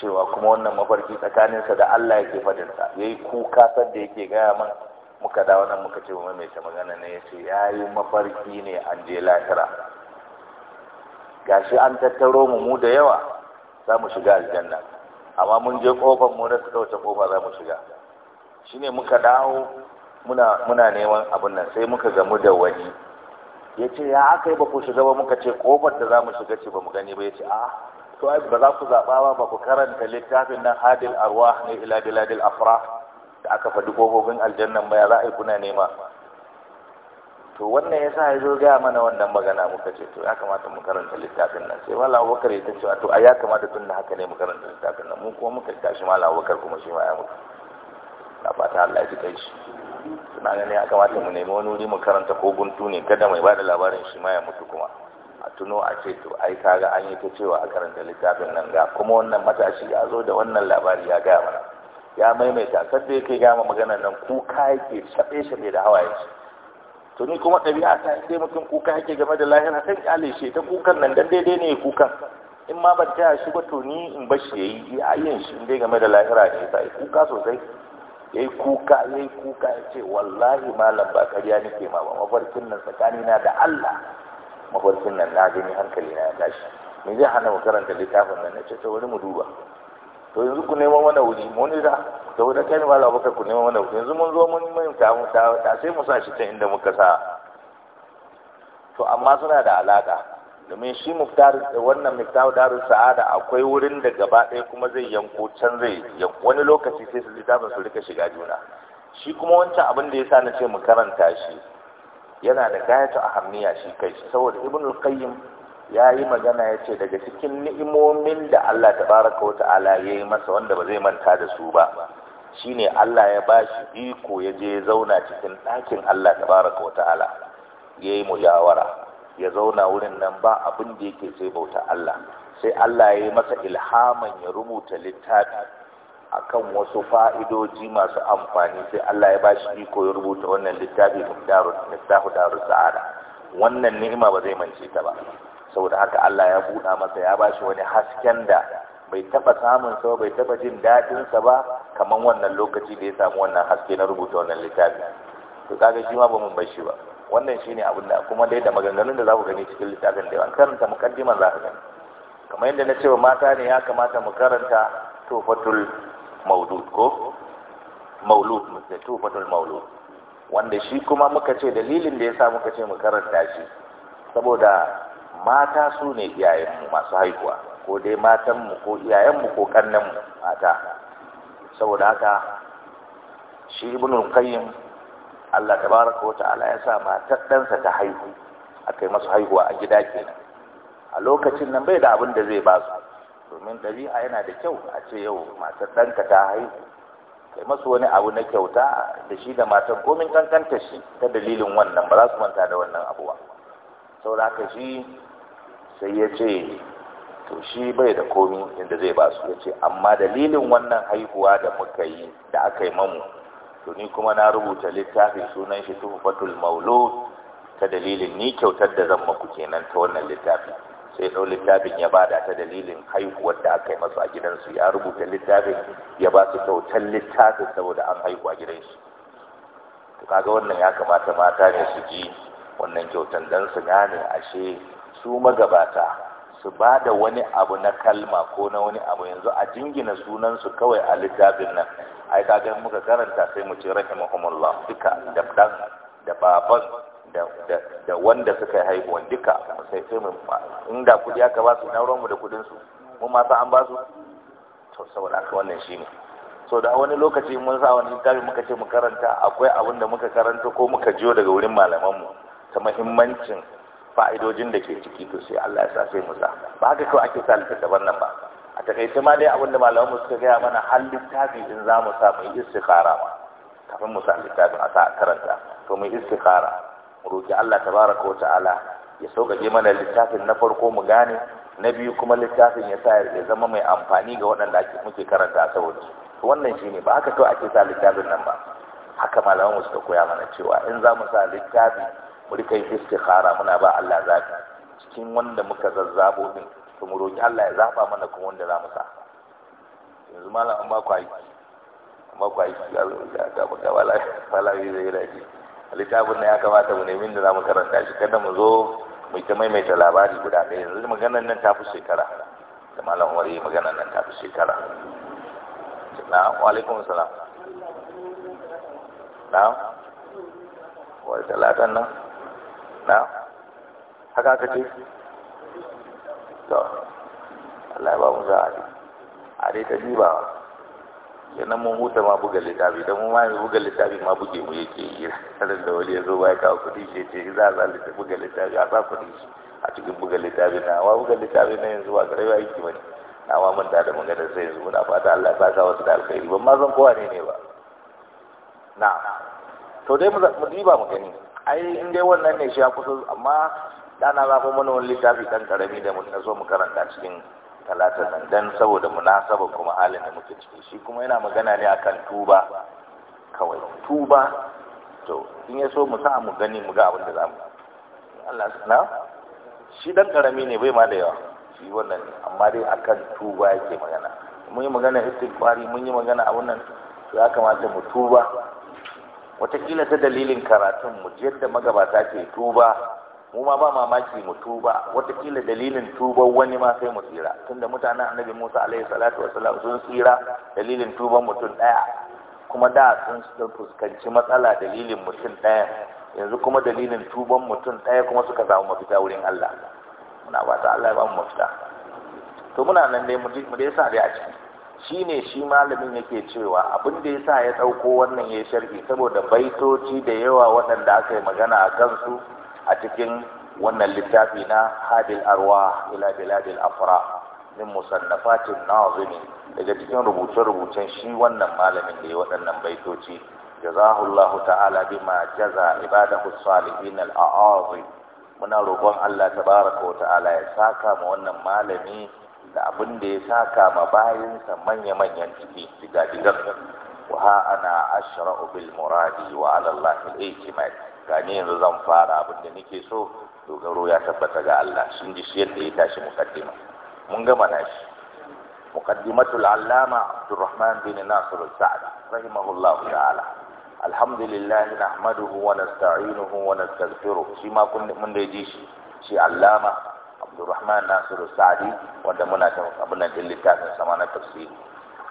cewa kuma wannan mafarki tsakaninsa da Allah yake ya yayi kuka sadda yake gaya man muka dawo nan muka ce mai mai magana ne ya ce yayi mafarki ne an je lahira gashi an tattaro mu mu da yawa za mu shiga aljanna amma mun je kofar mu da suka wuce kofa za mu shiga shine muka dawo muna neman abin nan sai muka gamu da wani ya ce ya aka yi ba ku shiga ba muka ce kofar da za mu shiga ce ba mu gani ba ya ce a ah, to ai ba za ku zaɓa ba ba ku karanta littafin nan hadil arwah ne ila biladil afra da aka faɗi kofofin aljannan ba ya za a yi kuna nema to wannan yasa ya zo gaya mana wannan magana muka ce to ya kamata mu karanta littafin nan sai wala abubakar ya cewa to a ya kamata tun da haka ne mu karanta littafin nan mu kuma muka tashi mala abubakar kuma shi ma ya mutu na fata Allah ya ji kai shi suna ganin ya kamata mu nemi wani wuri mu karanta ko guntu ne kada mai bada labarin shi ma ya mutu kuma a tuno a ce to ai kaga an yi ta cewa a karanta littafin nan ga kuma wannan matashi ya zo da wannan labari ya gaya mana ya maimaita sadda yake gama maganar nan kuka yake shaɓe-shaɓe da hawaye shi to ni kuma ɗabi'a ta sai mutum kuka yake game da lahira sai kyale shi ta kukan nan dan daidai ne kukan in ma ban taya shi ba to ni in bar shi yayi a yin shi dai game da lahira ne yi kuka sosai yayi kuka yi kuka ya ce wallahi malam ba ƙarya nake ma ba mafarkin nan tsakani na da Allah mafarkin nan na gani hankali na ya tashi me zai hana mu karanta littafin nan na ce ta wani mu duba to yanzu ku nemo mana wuri mun ida da wani kai ba la baka ku nemo mana wuri yanzu mun zo mun mun ta mun ta ta sai mu sa shi ta inda muka sa to amma suna da alaka domin shi muftar wannan muftar darus sa'ada akwai wurin da gaba ɗaya kuma zai yanko can zai wani lokaci sai su littafin su rika shiga juna shi kuma wancan abin da yasa na ce mu karanta shi yana da gayatu ahammiya shi kai saboda ibnul qayyim ya yi magana ya ce daga cikin ni'imomin da Allah ta baraka wa ta'ala ya yi masa wanda ba zai manta da su ba shine Allah ya ba shi iko ya je zauna cikin ɗakin Allah ta baraka wa ta'ala ya yi mujawara ya zauna wurin nan ba abin da yake sai bauta Allah sai Allah ya yi masa ilhaman ya rubuta littafi akan wasu fa'idoji masu amfani sai Allah ya ba shi iko ya rubuta wannan littafi Sa'ada wannan ni'ima ba zai mance ta ba saboda haka Allah ya buɗa masa ya bashi wani hasken da bai taba samun sa bai taba jin daɗinsa sa ba kaman wannan lokaci da ya samu wannan haske na rubuta wannan littafi to kaga shi ma ba mun bashi ba wannan shine abin da kuma dai da maganganun da za ku gani cikin littafin da an karanta mukaddimar za ka gani kamar yadda na ce mata ne ya kamata mu karanta tufatul maulud ko maulud da tufatul maulud wanda shi kuma muka ce dalilin da yasa muka ce mu karanta shi saboda mata su ne iyayenmu masu haihuwa ko dai matanmu ko iyayenmu ko kannanmu mata saboda haka shi ibnul qayyim Allah tabaraka wa ta'ala ya sa matar ɗansa ta haihu akai masu haihuwa a gida kenan a lokacin nan bai da abin da zai ba su domin ɗabi'a yana da kyau a ce yau matar ɗanka ta haihu kai masu wani abu na kyauta da shi da matan komin kankanta shi ta dalilin wannan ba za su manta da wannan abu ba da haka shi sai ya ce to shi bai da komi inda zai ba su ya ce amma dalilin wannan haihuwa da muka yi da aka yi mamu to ni kuma na rubuta littafin sunan shi tuhfatul maulo ta dalilin ni kyautar da zan maku kenan ta wannan littafin sai ɗau littafin ya bada ta dalilin haihuwar da aka yi masu a gidansu ya rubuta littafin ya ba su kyautar littafin saboda an haihu a gidansu to kaga wannan ya kamata mata ne su ji wannan kyautar don su gane ashe su magabata su ba da wani abu na kalma ko na wani abu yanzu a jingina sunansu kawai a littafin nan ai kaga muka karanta sai mu ce rahimahumullah duka da dan da baban da wanda suka haihuwa, duka sai sai mu inda kudi aka ba su na mu da kudin su mu ma sa an ba su to saboda haka wannan shine so da wani lokaci mun sa wani littafi muka ce mu karanta akwai abin da muka karanta ko muka jiyo daga wurin malaman mu ta muhimmancin fa'idojin da ke ciki to sai Allah ya sa sai mu sa ba haka kawai ake sa littattafan wannan ba a takaice ma dai abinda da suka gaya mana har littafi in za mu sa mu yi istikhara ma kafin mu sa littafin a sa a karanta to mu yi istikhara mu roki Allah tabaraka wa ta'ala ya sauƙaƙe mana littafin na farko mu gane na biyu kuma littafin ya sa ya zama mai amfani ga waɗanda muke karanta a saboda to wannan shine ba haka kawai ake sa littafin nan ba haka malamu suka koya mana cewa in za mu sa littafi muri kai yin istikhara muna ba Allah zaka cikin wanda muka zazzabo din to mu roki Allah ya zaba mana kuma wanda za mu sa yanzu malam an ba ku ayi an ba ku aiki ga ga ga wala wala yi zai raji littafin ne ya kamata mu nemi da za mu karanta shi kada mu zo mu ta maimaita labari guda ɗaya yanzu maganar nan ta fi shekara da malam umar yi maganar nan ta fi shekara na ala'ikum salam na wa talatan na. na haka aka ce to Allah ya ba mu za'a a dai ta diba nan mun huta ma buga littafi don mun ma yanzu buga littafi ma buge mu yake yi sanin da wani ya zo ba ya kawo kudi shi ce za a ta buga littafi a sa kudi shi a cikin buga littafi na wa buga littafi na yanzu ba karewa aiki ba ne na ma manta da magana sai yanzu muna fata Allah ya sa wasu da alkhairi ban ma zan kowa ne ne ba na to dai mu diba mu gani ai in dai wannan ne shi ya kusa amma dana ko mana wani littafi ɗan ƙarami da mun zo mu karanta cikin talata nan dan saboda munasaba kuma halin da muke ciki shi kuma yana magana ne akan tuba kawai tuba to in ya so mu sa mu gani mu ga abin da zamu Allah na shi dan karami ne bai ma da yawa shi wannan amma dai akan tuba yake magana mun yi magana istighfari mun yi magana abun nan to ya kamata mu tuba watakila ta dalilin karatun mu yadda magabata ke tuba mu ma ba mamaki mu tuba watakila dalilin tuba wani ma sai mu tsira tunda mutanen annabi Musa alaihi salatu wasalam sun tsira dalilin tuban mutum daya kuma da sun fuskanci matsala dalilin mutum daya yanzu kuma dalilin tuban mutum daya kuma suka samu mafita wurin Allah muna ta Allah ya ba mu mafita to muna nan dai mu dai sa dai a ciki Shi ne shi malamin yake cewa abin da ya sa ya ɗauko wannan ya sharhi saboda baitoci da yawa waɗanda aka yi magana a kansu a cikin wannan littafi na hadil arwa ila biladil afra min musannafatin nazimi daga cikin rubuce-rubucen shi wannan malamin da ya waɗannan baitoci jazahullahu ta'ala bima jaza ibadahu salihin al muna roƙon Allah tabaraka wa ta'ala ya saka ma wannan malami da abin da ya saka ma bayansa manya-manyan ciki diga-diga wa ana ashra'u bil muradi wa ala Allah al-ijmal gani yanzu zan fara abin da nake so dogaro ya tabbata ga Allah sun ji shi yadda ya tashi muqaddima mun gama nashi muqaddimatul allama Abdurrahman bin Nasir al rahimahullahu ta'ala alhamdulillah nahmaduhu wa nasta'inuhu wa nastaghfiruh shi ma kun mun da ji shi shi allama الرحمن ناصر السعدي ودمنا ابن جلتاك سمعنا تفسير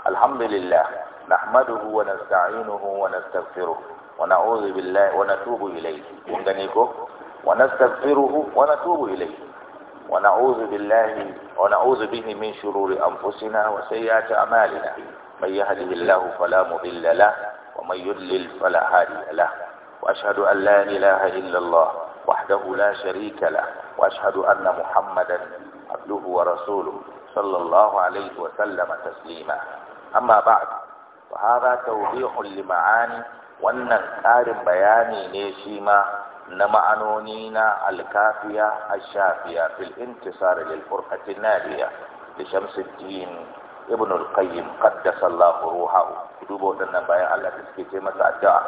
الحمد لله نحمده ونستعينه ونستغفره ونعوذ بالله ونتوب إليه ونغنيكو ونستغفره ونتوب إليه ونعوذ بالله ونعوذ به من شرور أنفسنا وسيئات أعمالنا من يهده الله فلا مضل له ومن يضلل فلا هادي له وأشهد أن لا إله إلا الله وحده لا شريك له وأشهد أن محمدا عبده ورسوله صلى الله عليه وسلم تسليما أما بعد فهذا توضيح لمعاني wannan ƙarin bayani ne shi ma na ma'anoni na alkafiya ashafiya fil intisar lil furqati nadiya da shamsuddin ibn al-qayyim qaddasa Allah ruhahu dubo wadannan bayan Allah da suke ce masa addu'a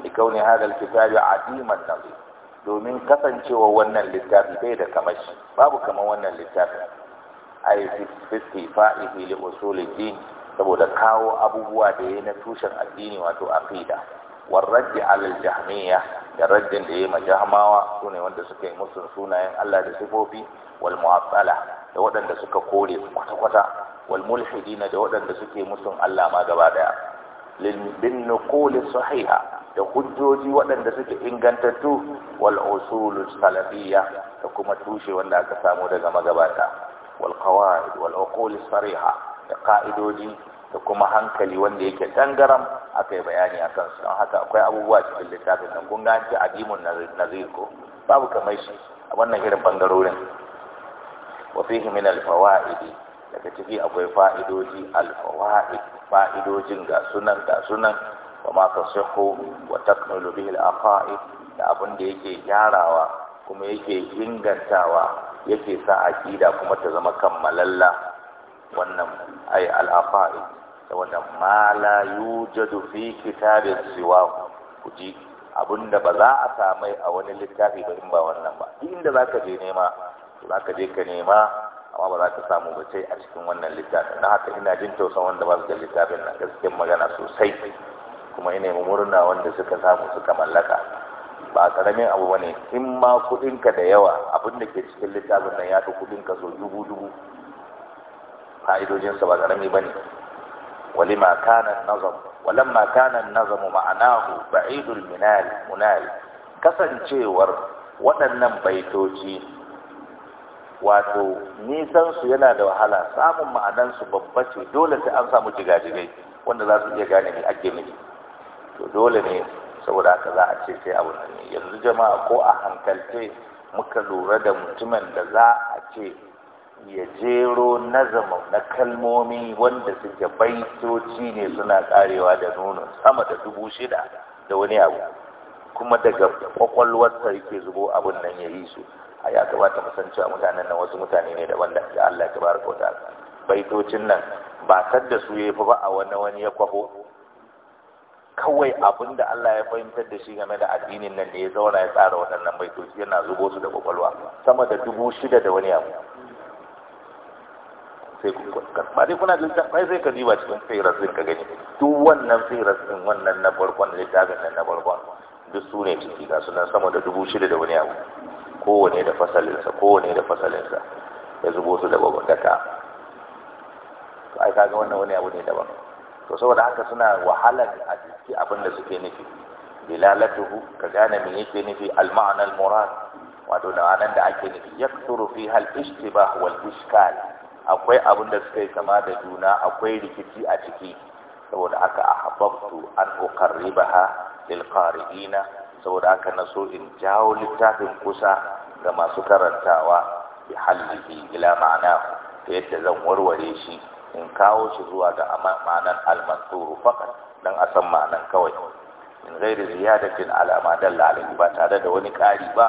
likauni hadha al-kitabi adiman nazir domin kasancewa wannan littafi bai da kamashi babu kamar wannan littafin ai fiski fa'ihi li usuluddin saboda kawo abubuwa da yayi na tushen addini wato aqida war raddi alal jahmiyya da raddin da yayi majahmawa sune wanda suka yi musun sunayen Allah da sifofi wal mu'attala da waɗanda suka kore kwata-kwata wal mulhidina da waɗanda suke musun Allah ma gaba daya lin bin nuqul sahiha da hujjoji waɗanda suke ingantattu wal usulus salafiyya da kuma tushe wanda aka samu daga magabata wal qawaid wal uqul sariha da ka'idoji da kuma hankali wanda yake tangaram akai bayani a kansu don haka akwai abubuwa cikin littafin nan kun gani adimun nazir ko babu kamar shi a wannan irin bangarorin wa fihi min al fawaidi daga ciki akwai fa'idoji al fawaid fa'idojin ga sunan ga sunan wa ma tasihhu wa takmilu bihi al-aqaid da abin da yake gyarawa kuma yake ingantawa yake sa aqida kuma ta zama kammalalla wannan ay al-aqaid da wannan ma la yujadu fi kitabin siwa kuji abinda ba za a samai a wani littafi ba in ba wannan ba inda zaka je nema zaka je ka nema amma ba za ka samu ba sai a cikin wannan littafin na haka ina jin tausan wanda ba su da littafin na gaskiyar magana sosai kuma ina murna wanda suka samu suka mallaka ba karamin abu bane in ma kudinka da yawa abin da ke cikin littafin nan ya fi kudinka so dubu dubu fa'idojinsa ba karami bane walima kana nazam walamma kana nazam ma'anahu ba'idul minal munal kasancewar waɗannan baitoci wato nisan su yana da wahala samun ma'anansu babba ce dole sai an samu jigajigai wanda za su iya gane me ake nufi to dole ne saboda haka za a ce sai abu ne yanzu jama'a ko a hankalce muka lura da mutumin da za a ce ya jero nazama na kalmomi wanda suke baitoci ne suna karewa da nono sama da dubu shida da wani abu kuma daga kwakwalwarsa yake zubo abin nan ya yi su a ya kamata mu san cewa mutanen nan wasu mutane ne daban da Allah ya tabaraka wa ta'ala baitocin nan ba sadda su yi fa ba a wani wani ya kwaho kawai abin da Allah ya fahimtar da shi game da addinin nan da ya zauna ya tsara waɗannan baitoci yana zubo su da kwakwalwa sama da dubu shida da wani abu sai ba dai kuna littafai sai ka diba cikin tsirar sun ka gani duk wannan tsirar sun wannan na farkon littafin nan na farkon duk su ne ciki ga sunan sama da dubu shida da wani abu kowane da fasalinsa kowane da fasalinsa ya zubo su da gwagwataka ai kaga wannan wani abu ne daban to saboda haka suna wahalar a jiki abin da suke nufi dilalatuhu ka gane me yake nufi al-ma'na murad wato da anan da ake nufi yaksuru fi hal ishtibah wal iskal akwai abin da suka yi kama da juna akwai rikici a ciki saboda haka ahbabtu an uqarribaha lil qari'ina saboda haka na so in jawo littafin kusa ga masu karantawa bi hallihi ila ma'ana ta yadda zan warware shi in kawo shi zuwa ga ma'anar al fakat dan a san ma'anar kawai in gairi ziyadatin ala ma dalla ba tare da wani ƙari ba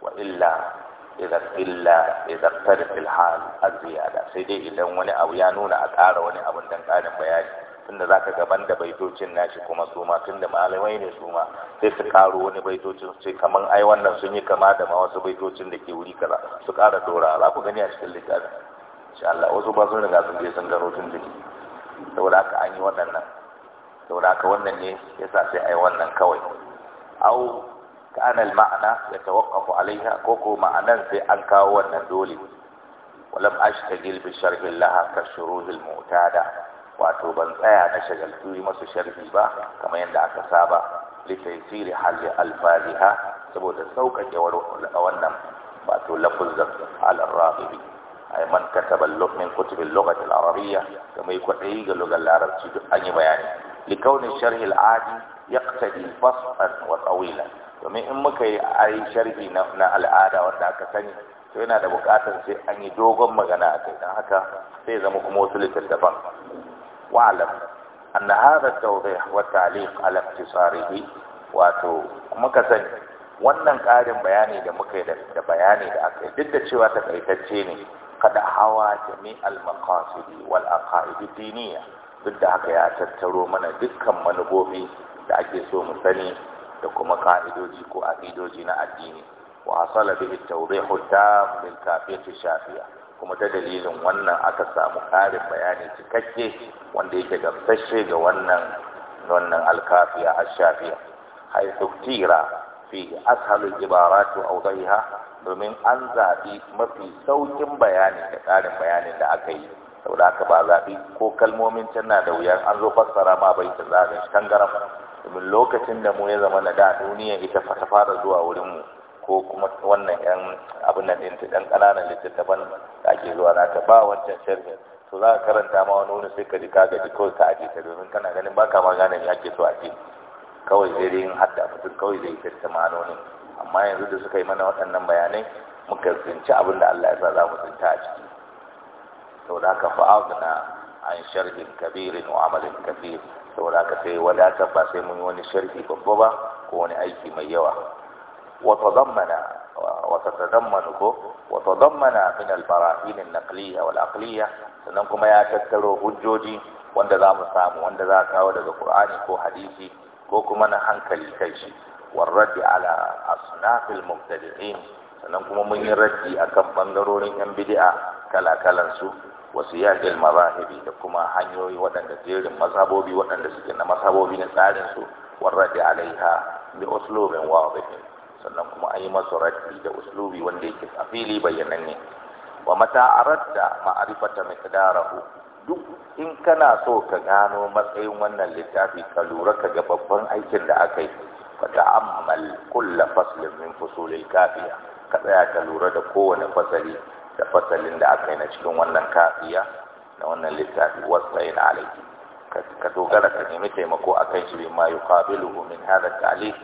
wa illa idan illa idan hal a ziyada sai dai idan wani abu ya nuna a ƙara wani abun dan ƙarin bayani tunda zaka gaban da baitocin nashi kuma su ma tunda malamai ne su ma sai su karo wani baitocin sai kaman ai wannan sun yi kama da ma wasu baitocin da ke wuri kaza su ƙara dora za ku gani a cikin littafin insha Allah wasu ba sun riga sun je sun gano tun jiki saboda haka an yi waɗannan saboda haka wannan ne yasa sai ai wannan kawai au kana al-ma'ana yatawaqqafu alaiha ko ko ma'anan sai an kawo wannan dole walam ashtagil bi sharhi laha ka shuruhil mu'tada wato ban tsaya na shagaltu yi masu sharhi ba kamar yadda aka saba litaisiri hali alfaliha saboda sauƙaƙe wannan wato lafuzan al-rabibi ay man kataba min kutub al-lughah al-arabiyya kama kwaɗayi ga lugar larabci duk an yi bayani li kauni sharh al-adi yaqtadi fasan wa tawila domin in muka yi ai sharhi na al'ada wanda aka sani to yana da buƙatar sai an yi dogon magana a kai don haka sai zama kuma wasu littattafan alam, anna hadha tawdih wa ta'liq ala iktisarihi wato kuma ka sani wannan ƙarin bayani da muka yi da bayani da aka yi duk da cewa takaitacce ne kada hawa jami al-maqasidi wal aqaid diniya duk da haka ya tattaro mana dukkan manufofi da ake so mu sani da kuma ka'idoji ko aqidoji na addini wa hasala bihi tawdih tam bil kafiyati shafiya kuma ta dalilin wannan aka samu karin bayani cikakke wanda yake gamsashe ga wannan wannan alkafiya ash-shafiya haythu tira fi ashalul ibaratu wa dayha domin an zabi mafi saukin bayani da tsarin bayanin da aka yi saboda haka ba zabi ko kalmomin can na da wuya an zo fassara ma bai ta zabi shi garam. domin lokacin da mu ya zama na da duniya ita fa ta fara zuwa wurin mu ko kuma wannan yan abin nan din ta dan ƙananan littattafan da ake zuwa na ta ba wancan sharhi to za ka karanta ma wani wani sai ka ji ka gaji kawai ka aje ta domin kana ganin baka ma gane me ake so a ce kawai zai yin hadda mutum kawai zai yi tattama ma'anonin amma yanzu da suka yi mana waɗannan bayanai muka tsinci abin da Allah ya sa za mu tsinta a ciki saboda haka fa'aduna an sharhin kabirin wa amalin kabir saboda haka sai wadatar ba sai mun yi wani sharhi babba ba ko wani aiki mai yawa Wata wata ko? وتضمن وتتضمن وتضمن من البراهين النقلية والعقلية sannan kuma ya tattaro hujjoji wanda za mu samu wanda za kawo daga Qur'ani ko hadisi ko kuma na hankali kai shi warraddi ala asnafil mubtadi'in sannan kuma mun yi raddi akan bangarorin yan bid'a kala-kalan su wasu yaƙil mazahibi da kuma hanyoyi waɗanda jerin mazhabobi waɗanda suke na mazhabobi na tsarin su warraddi alaiha bi uslubin wadhihin sannan kuma an yi raddi da uslubi wanda yake a fili bayyananne wa mata aradda ma'rifata miqdarahu duk in kana so ka gano matsayin wannan littafi ka lura ka ga babban aikin da aka yi fa ta'ammal kulla faslin min fusulil kafiya ka tsaya ka lura da kowane fasali da fasalin da aka yi na cikin wannan kafiya na wannan littafi yin alaiki ka dogara ka nemi taimako a akan shi ma yuqabiluhu min hada ta'liq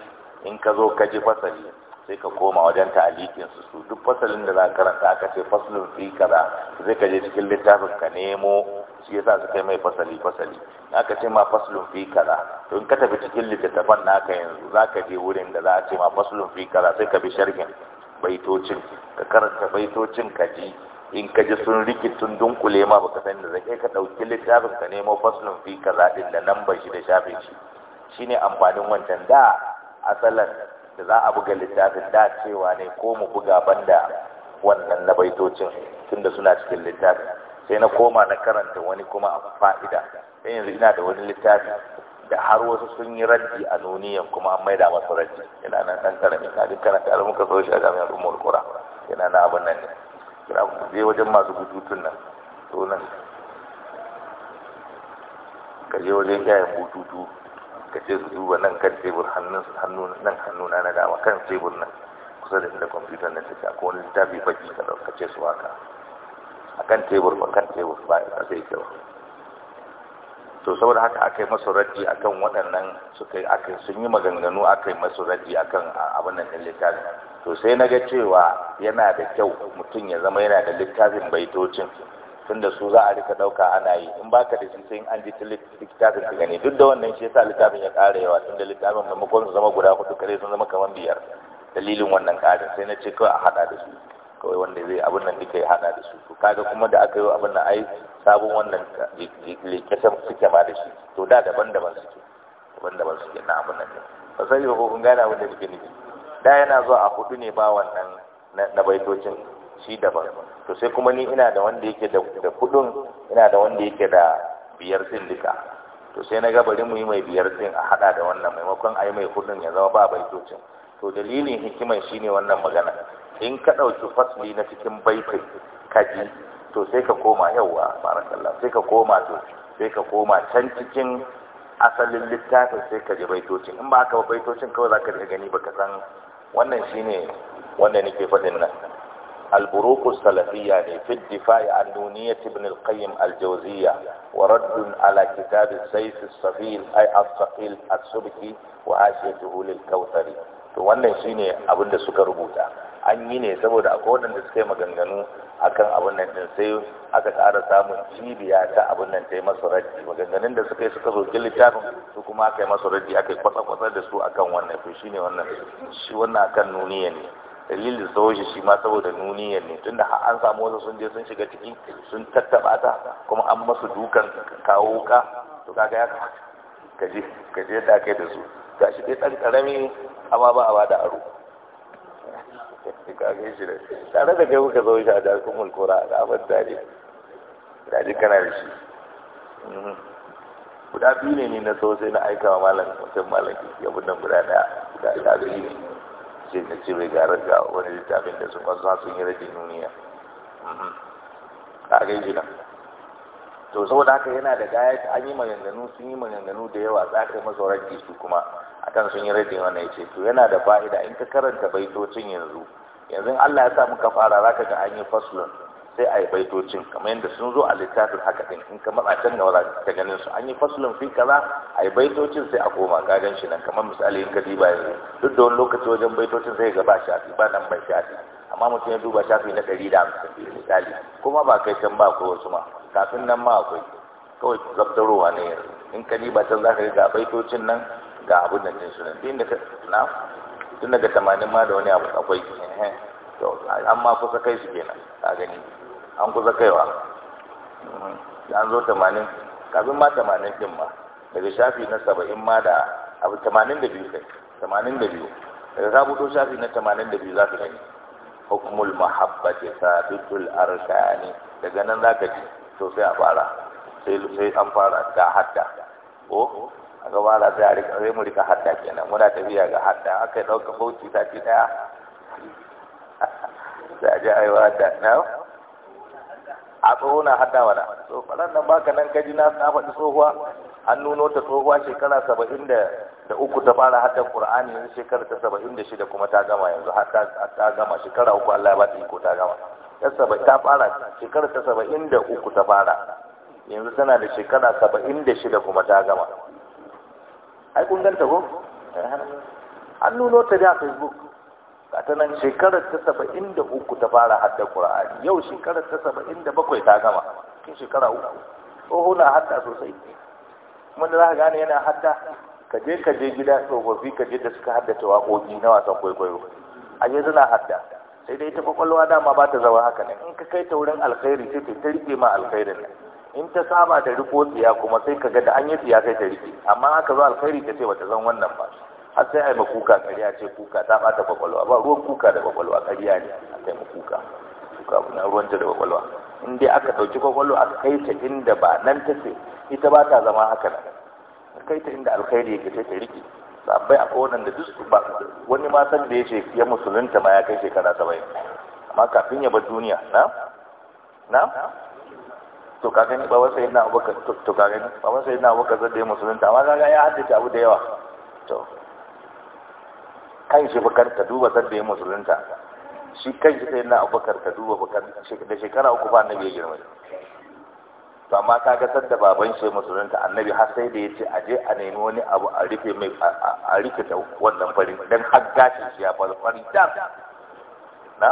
in ka zo ka ji fasali sai ka koma wajen ta'alikin su su duk fasalin da za karanta aka ce fasalin fi kaza zai ka je cikin littafin ka nemo shi yasa su kai mai fasali fasali aka ce ma fasalin fi kaza to in ka tafi cikin littattafan naka yanzu za ka je wurin da za a ce ma fasalin fi kaza sai ka bi sharhin baitocin ka karanta baitocin ka ji in ka ji sun rikitun dunkule ma baka san da zai ka dauki littafin ka nemo fasalin fi kaza din da lambar shi da shafin shi shine amfanin wancan da asalan da za a buga littafin da cewa ne ko mu buga banda wannan na baitocin tunda suna cikin littafin sai na koma na karanta wani kuma a fa'ida sai yanzu ina da wani littafi da har wasu sun yi raddi a nuniyan kuma an maida masu raddi yana nan dan karami na duk karanta alamun muka so shi a jami'ar umar kura yana na abin nan ne kira ku je wajen masu bututun nan to nan ka je wajen yayin bututu ka ce su duba nan kan tebur hannun hannu nan hannu na na dama kan tebur nan kusa da inda kwamfuta na tafi ko wani littafi baki ka ɗauka ce su haka a kan tebur ba kan tebur ba a zai kyau to saboda haka a kai masu raji akan waɗannan suka yi aka sun yi maganganu a kai masu raji akan abin nan ɗin littafin to sai na ga cewa yana da kyau mutum ya zama yana da littafin baitocin tunda su za a rika ɗauka ana yi in baka da shi sai an ji littafin ka gani duk da wannan shi yasa littafin ya ƙara yawa tunda littafin da su zama guda hudu kare sun zama kamar biyar dalilin wannan ƙarin sai na ce kawai a haɗa da su kawai wanda zai abin nan duka ya haɗa da su to kaga kuma da aka yi abin nan ai sabon wannan lekesan suke ma da shi to da daban-daban suke daban-daban suke na abin nan ne ba sai ba ko kun gane abin da suke nufi da yana zuwa a hudu ne ba wannan na baitocin shi daban to sai kuma ni ina da wanda yake da kudin ina da wanda yake da biyar sin duka to sai na ga bari mu yi mai biyar sin a hada da wannan maimakon a mai kudin ya zama ba baitocin to dalilin hikimar shine wannan magana in ka ɗauki fasli na cikin baitin kaji to sai ka koma yawa barakallahu sai ka koma to sai ka koma can cikin asalin littafin sai ka ji baitocin in ba ka baitocin kawai zaka ga gani baka san wannan shine wanda nake faɗin nan البروق السلفية يعني في الدفاع عن نونية ابن القيم الجوزية ورد على كتاب السيف الصفيل أي الصقيل السبكي وحاشيته للكوثري to wannan shine abin da suka rubuta an yi ne saboda akwai da suka yi maganganu a kan abin nan din sai aka ƙara samun cibiya ta abin nan ta yi masu raddi maganganun da suka yi suka zoki littafin su kuma aka yi masu raddi aka yi kwatsa-kwatsa da su akan wannan to shine wannan shi wannan akan nuniya ne dalilin sauwashe shi ma saboda nuniyar ne tunda an samu wasu sun je sun shiga ciki sun tattaba ta kuma an masu dukan kawo ka to kaga ya kamata kaje kaje da kai da su shi dai ɗan karami amma ba a bada aro kaga shi da tare da kai kuka zo shi a jarkun mulkura da abin tare da ji kana da shi mhm. guda biyu ne ni na sosai na aika wa malam mutum malam ya budan guda ɗaya ta zai yi ce na ce bai ga wani littafin da suka sa sun yi rajin duniya a gaji nan to saboda haka yana da gaya an yi maganganu sun yi maganganu da yawa za ka yi masa su kuma akan sun yi rajin wannan ya ce to yana da fa'ida in ka karanta baitocin yanzu yanzu Allah ya sa muka fara za ka ga an yi faslun sai a yi baitocin kamar yadda sun zo a littafin haka din in kamar a can gaba ta ganin su an yi fasulun fi kaza a yi baitocin sai a koma gagan shi nan kamar misali in ka diba yanzu duk da wani lokaci wajen baitocin sai ga ba shafi ba nan ba shafi amma mutum ya duba shafi na ɗari da hamsin misali kuma ba kai can ba ko wasu ma kafin nan ma akwai kawai zabtarowa ne yanzu in ka diba can za ka ga baitocin nan ga abin nan ɗin su nan tun daga na tun daga tamanin ma da wani abu akwai to amma kusa kai su kenan a gani an kusa kaiwa an zo tamanin kafin ma tamanin din ma daga shafi na saba'in ma da abu tamanin da biyu kai tamanin da biyu daga sabuto shafi na tamanin da biyu za ka gani hukumul mahabbati sabitul arkani daga nan za ka ji to sai a fara sai sai an fara ga hadda ko a gaba da sai a rika sai mu rika hadda kenan muna tafiya ga hadda aka yi ɗauka bauchi sati ɗaya sai a ji a yi wa hadda na a tsoho na hada wala so faɗan nan baka nan kaji na na faɗi tsohuwa an nuno ta tsohuwa shekara saba'in da uku ta fara hadda qur'ani yanzu shekara ta saba'in da shida kuma ta gama yanzu har ta gama shekara uku Allah ya ba ta iko ta gama ta fara shekara ta saba'in da uku ta fara yanzu tana da shekara saba'in da shida kuma ta gama ai kun ganta ko eh. an nuno ta da facebook ga ta nan shekarar ta saba'in da uku ta fara hadda ƙura'ani yau shekarar ta saba'in da bakwai ta gama cikin shekara uku tsoho na hadda sosai wanda za ka gane yana hadda ka je ka je gida tsofaffi ka je da suka haddace waƙoƙi na wasan kwaikwayo a je suna hadda sai dai ta kwakwalwa dama ba ta zama haka ne in ka kai ta wurin alkhairi sai ta rike ma alkhairin nan in ta saba da riko tsiya kuma sai ka ga da an yi tsiya sai ta rike amma haka zo alkhairi ta ce ba ta zan wannan ba har sai ai makuka kariya ce kuka ta bata kwakwalwa ba ruwan kuka da kwakwalwa kariya ne a kai makuka kuka na ruwan ta da kwakwalwa in dai aka ɗauki kwakwalwa aka kai ta inda ba nan ta ce ita ba ta zama haka nan kai ta inda alkhairi yake sai ta riƙe sabbai a kowanne da duk ba wani ma san da ya ce ya musulunta ma ya kai shekara saba'in amma kafin ya bar duniya na na to ka gani ba wasa yana abubakar to ka gani ba wasa yana abubakar zai da ya musulunta amma kaga ya haddace abu da yawa to kan shi bakar ka duba sadda ya musulunta shi kan shi sai na abubakar ka duba bakar da shekara uku ba annabi ya girma to amma ka ga sadda baban shi musulunta annabi har sai da ya ce je a nemi wani abu a rufe mai a rufe da wannan farin dan har gashin shi ya fara farin da na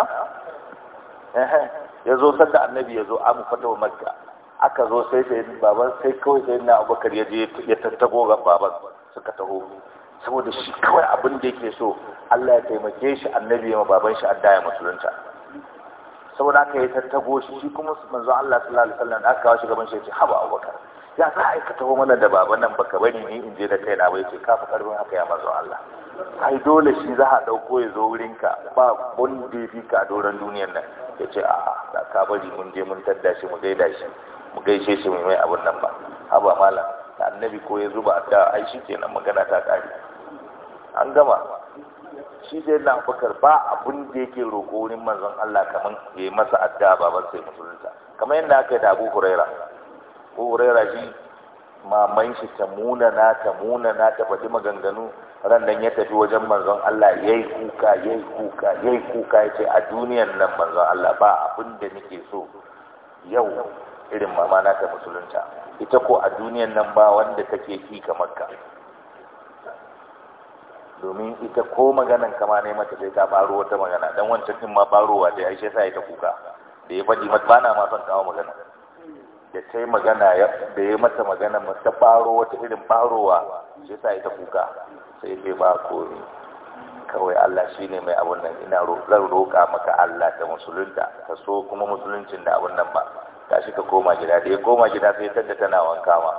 ya zo sadda annabi ya zo amu fatawa makka aka zo sai sai baban sai kawai sai na abubakar ya je ya tattago ga baban suka taho saboda shi kawai abin da yake so Allah ya taimake shi annabi ya baban shi adda ya musulunta saboda aka yi tattago shi shi kuma manzo Allah sallallahu alaihi wasallam aka kawo shi gaban shi yace haba Abubakar ya za a aikata mana da baban nan baka bari ni in je da kaina ba yace kafa karbin haka ya manzo Allah ai dole shi za a dauko ya zo wurin ka ba bonde fi ka doran duniyar nan yace a da ka bari mun je mun tadda shi mu gaida shi mu gaishe shi mu mai abun nan ba haba malam annabi ko ya zuba da ai kenan magana ta kare an gama shi dai na bakar ba abun da yake roƙo wurin manzon Allah kaman ya yi masa addu'a baban sai musulunta kamar yadda aka yi da Abu Huraira Abu Huraira shi maman shi ta munana ta munana ta faɗi maganganu ran nan ya tafi wajen manzon Allah yayi kuka yayi kuka yayi kuka yace a duniyar nan manzon Allah ba abin da nake so yau irin mama na ta musulunta ita ko a duniyar nan ba wanda take ki kamar ka domin ita ko maganan kama ne mata sai ta baro wata magana dan wancan din ma barowa dai yi sai ta kuka da ya faɗi mata bana ma son kawo magana da sai magana da ya mata magana ta baro wata irin barowa sai sai ta kuka sai bai ba ni kawai Allah shi ne mai abun nan ina zan roƙa maka Allah da musulunta ka so kuma musuluncin da abun nan ba tashi ka koma gida da ya koma gida sai ta tana wanka ma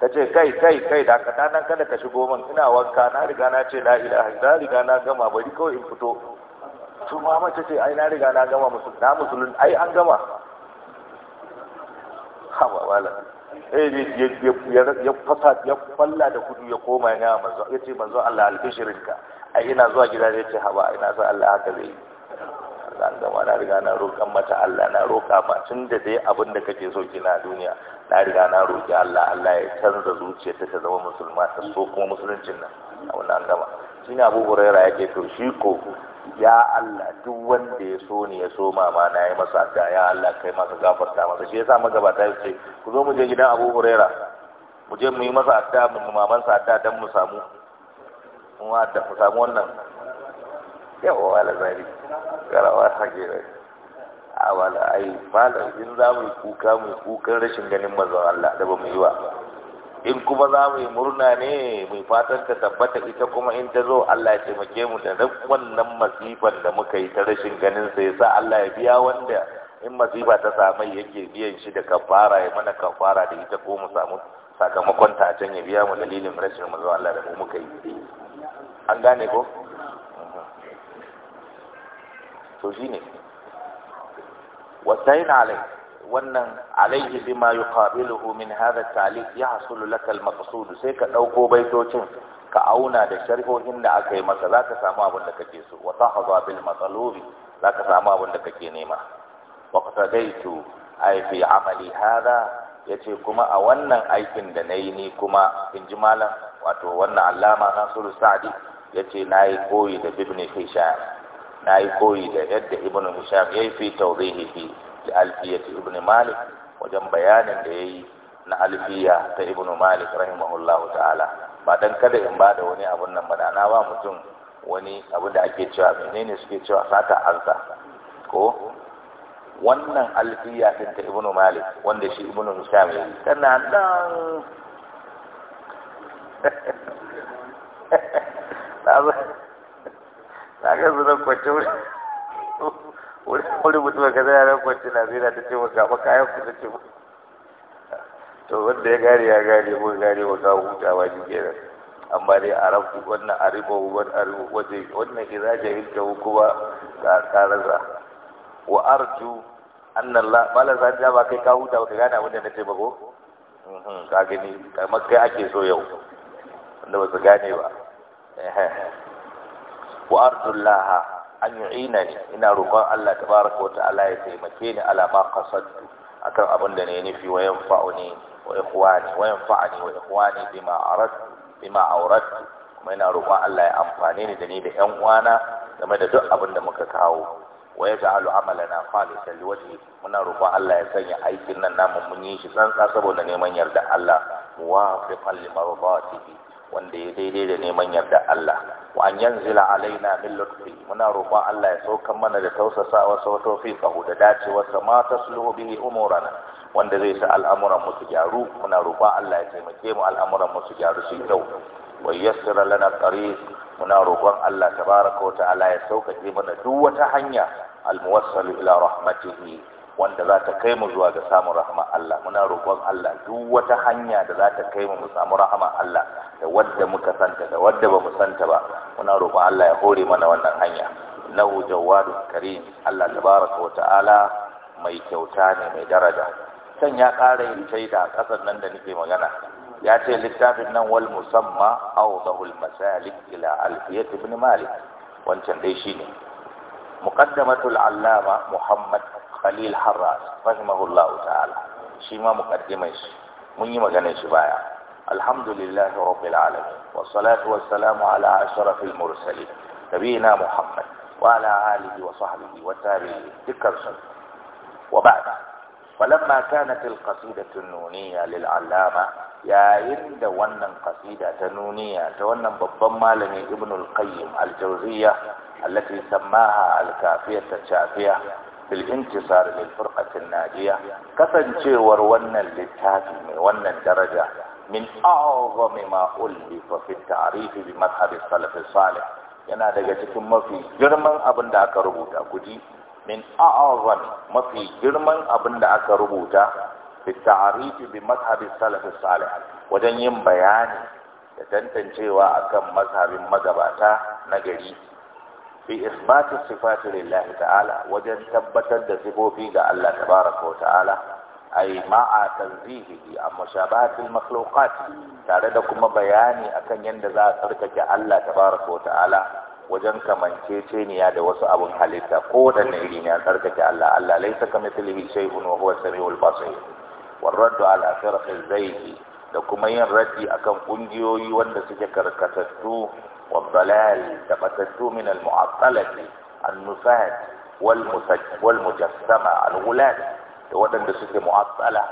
ta ce kai kai kai da ka nan kada ka shigo min ina wanka na riga na ce la ilaha na riga na gama bari kawai in fito su ma mace ce ai na riga na gama musul na musulun ai an gama ha ba wala eh ya ya fasa ya falla da kudu ya koma ya manzo ya ce manzo Allah albishirinka ai ina zuwa gida ne ce haba ina sa Allah haka zai an gama na riga na roƙan mata Allah na roƙa ma tun da dai abin da kake so kina duniya na riga na roƙi Allah Allah ya canza zuciya ta zama musulma ta so kuma musuluncin nan a wannan an gama shi ne abu ya yake to shi ko ya Allah duk wanda ya so ni ya so mama na yi masa da ya Allah kai masa gafarta masa shi yasa magabata ya ce ku zo mu je gidan abu hurera mu je mu yi masa adda mu maman sa adda dan mu samu mu adda mu samu wannan yawa wala zari garawa hakira a wala ai malam in za mu kuka mu kukan rashin ganin manzon Allah da ba mu yi wa? in kuma za mu yi murna ne mu fatan ta tabbata ita kuma in ta zo Allah ya taimake mu da duk wannan masifan da muka yi ta rashin ganin sa yasa Allah ya biya wanda in masifa ta samu yake biyan shi da kafara ya mana kafara da ita ko mu samu sakamakon ta can ya biya mu dalilin rashin manzon Allah da mu muka yi an gane ko to shine وسين عليه wannan alaihi bima yuqabiluhu min hadha at-ta'liq yahsulu laka al-maqsud sai ka dauko baitocin ka auna da sharhohin da aka yi masa zaka samu abin da kake so wa tahadha bil matlubi zaka samu abin da kake nema wa qadaitu ay fi amali hadha yace kuma a wannan aikin da nayi ni kuma in ji malam wato wannan allama nasiru sa'di yace nayi koyi da ibn hisham na yi koyi da yadda ibn hisham ya yi fi tawbihi fi da alfiyati ibn malik wajen bayanin da ya yi na alfiya ta ibn malik rahimahullahu ta'ala ba dan kada in ba da wani abun nan ba na ba mutum wani abu da ake cewa menene suke cewa sata ansa ko wannan alfiya din ta ibn malik wanda shi ibn hisham ya yi tana dan kaga su zan kwace wani wani ka zai yaran kwace na zai ta ce maka ba kayan ku ta ce to wanda ya gane ya gane ko gane wa ka hutawa shi kenan amma dai a rabu wannan a riba wannan a riba waje wannan idan jahilta kuma ka karasa wa arju ka huta ka gane abin da mhm, ka gani kamar kai so yau wanda ba su gane ba wa arjullaha an yu'ina ni ina roƙon Allah tabaraka wa ta'ala ya taimake ni ala ma qasadtu akan abin da ne nufi wa yanfa'uni wa ikhwani wa yanfa'ani wa ikhwani bima aradtu bima awradtu kuma ina roƙon Allah ya amfane ni da ni da 'yan uwana game da duk abin da muka kawo wa ya na amalana khalisan liwajhi muna roƙon Allah ya sanya aikin nan namu mun yi shi tsantsa saboda neman yarda Allah mu muwafiqan limarzatihi wanda ya daidai da neman yarda Allah wa an yanzila alaina min lutfi muna roƙon Allah ya sauka mana da tausasawa sa tawfiqahu da dacewa sa ma tasluhu bihi umurana wanda zai sa al'amuran mu su gyaru muna roƙon Allah ya taimake mu al'amuran mu su gyaru su kyau wa yassira lana tariq muna roƙon Allah tabaraka wa ta'ala ya saukake mana duk wata hanya al-muwassal ila rahmatihi wanda za ta kai mu zuwa ga samun rahama Allah muna roƙon Allah duk wata hanya da za ta kai mu mu samu rahama Allah da wadda muka santa da wadda ba mu santa ba muna roƙon Allah ya hore mana wannan hanya innahu jawwadun karim Allah tabaraka wa ta'ala mai kyauta ne mai daraja can ya ƙara yin shaida ƙasar nan da nake magana ya ce littafin nan wal musamma awdahul masalik ila alfiyat ibn malik wancan dai shine muqaddamatul allama muhammad خليل حراس رحمه الله تعالى شيما مقدمش مني مغنيش بايا الحمد لله رب العالمين والصلاة والسلام على أشرف المرسلين نبينا محمد وعلى آله وصحبه وتابعه ذكر سنة وبعد فلما كانت القصيدة النونية للعلامة يا إند ونن قصيدة نونية تونن بالضمة لني ابن القيم الجوزية التي سماها الكافية الشافية fil intisar lil furqatin najiya kasancewar wannan littafi mai wannan daraja min a'zami ma ulifa fi ta'rif bi madhhab salaf salih yana daga cikin mafi girman abin da aka rubuta kuji min a'zami mafi girman abin da aka rubuta fi ta'rif bi madhhab salaf salih wajen yin bayani da tantancewa akan mazhabin magabata na gari في إثبات الصفات لله تعالى وجد ثبت في الله تبارك وتعالى أي مع تنزيهه عن مشابهات المخلوقات تعرضكم بياني أكن يندزا تركك الله تبارك وتعالى وجنك من تيتيني يا دوس أبو الحليل تقول أن تركك الله الله ليس كمثله شيء وهو السميع البصير والرد على فرق الزيه da kuma yin raddi akan kungiyoyi wanda suke karkatattu wa dalal da batattu min al mu'attalati an nusat wal wal mujassama al ghulat da waɗanda suke mu'attala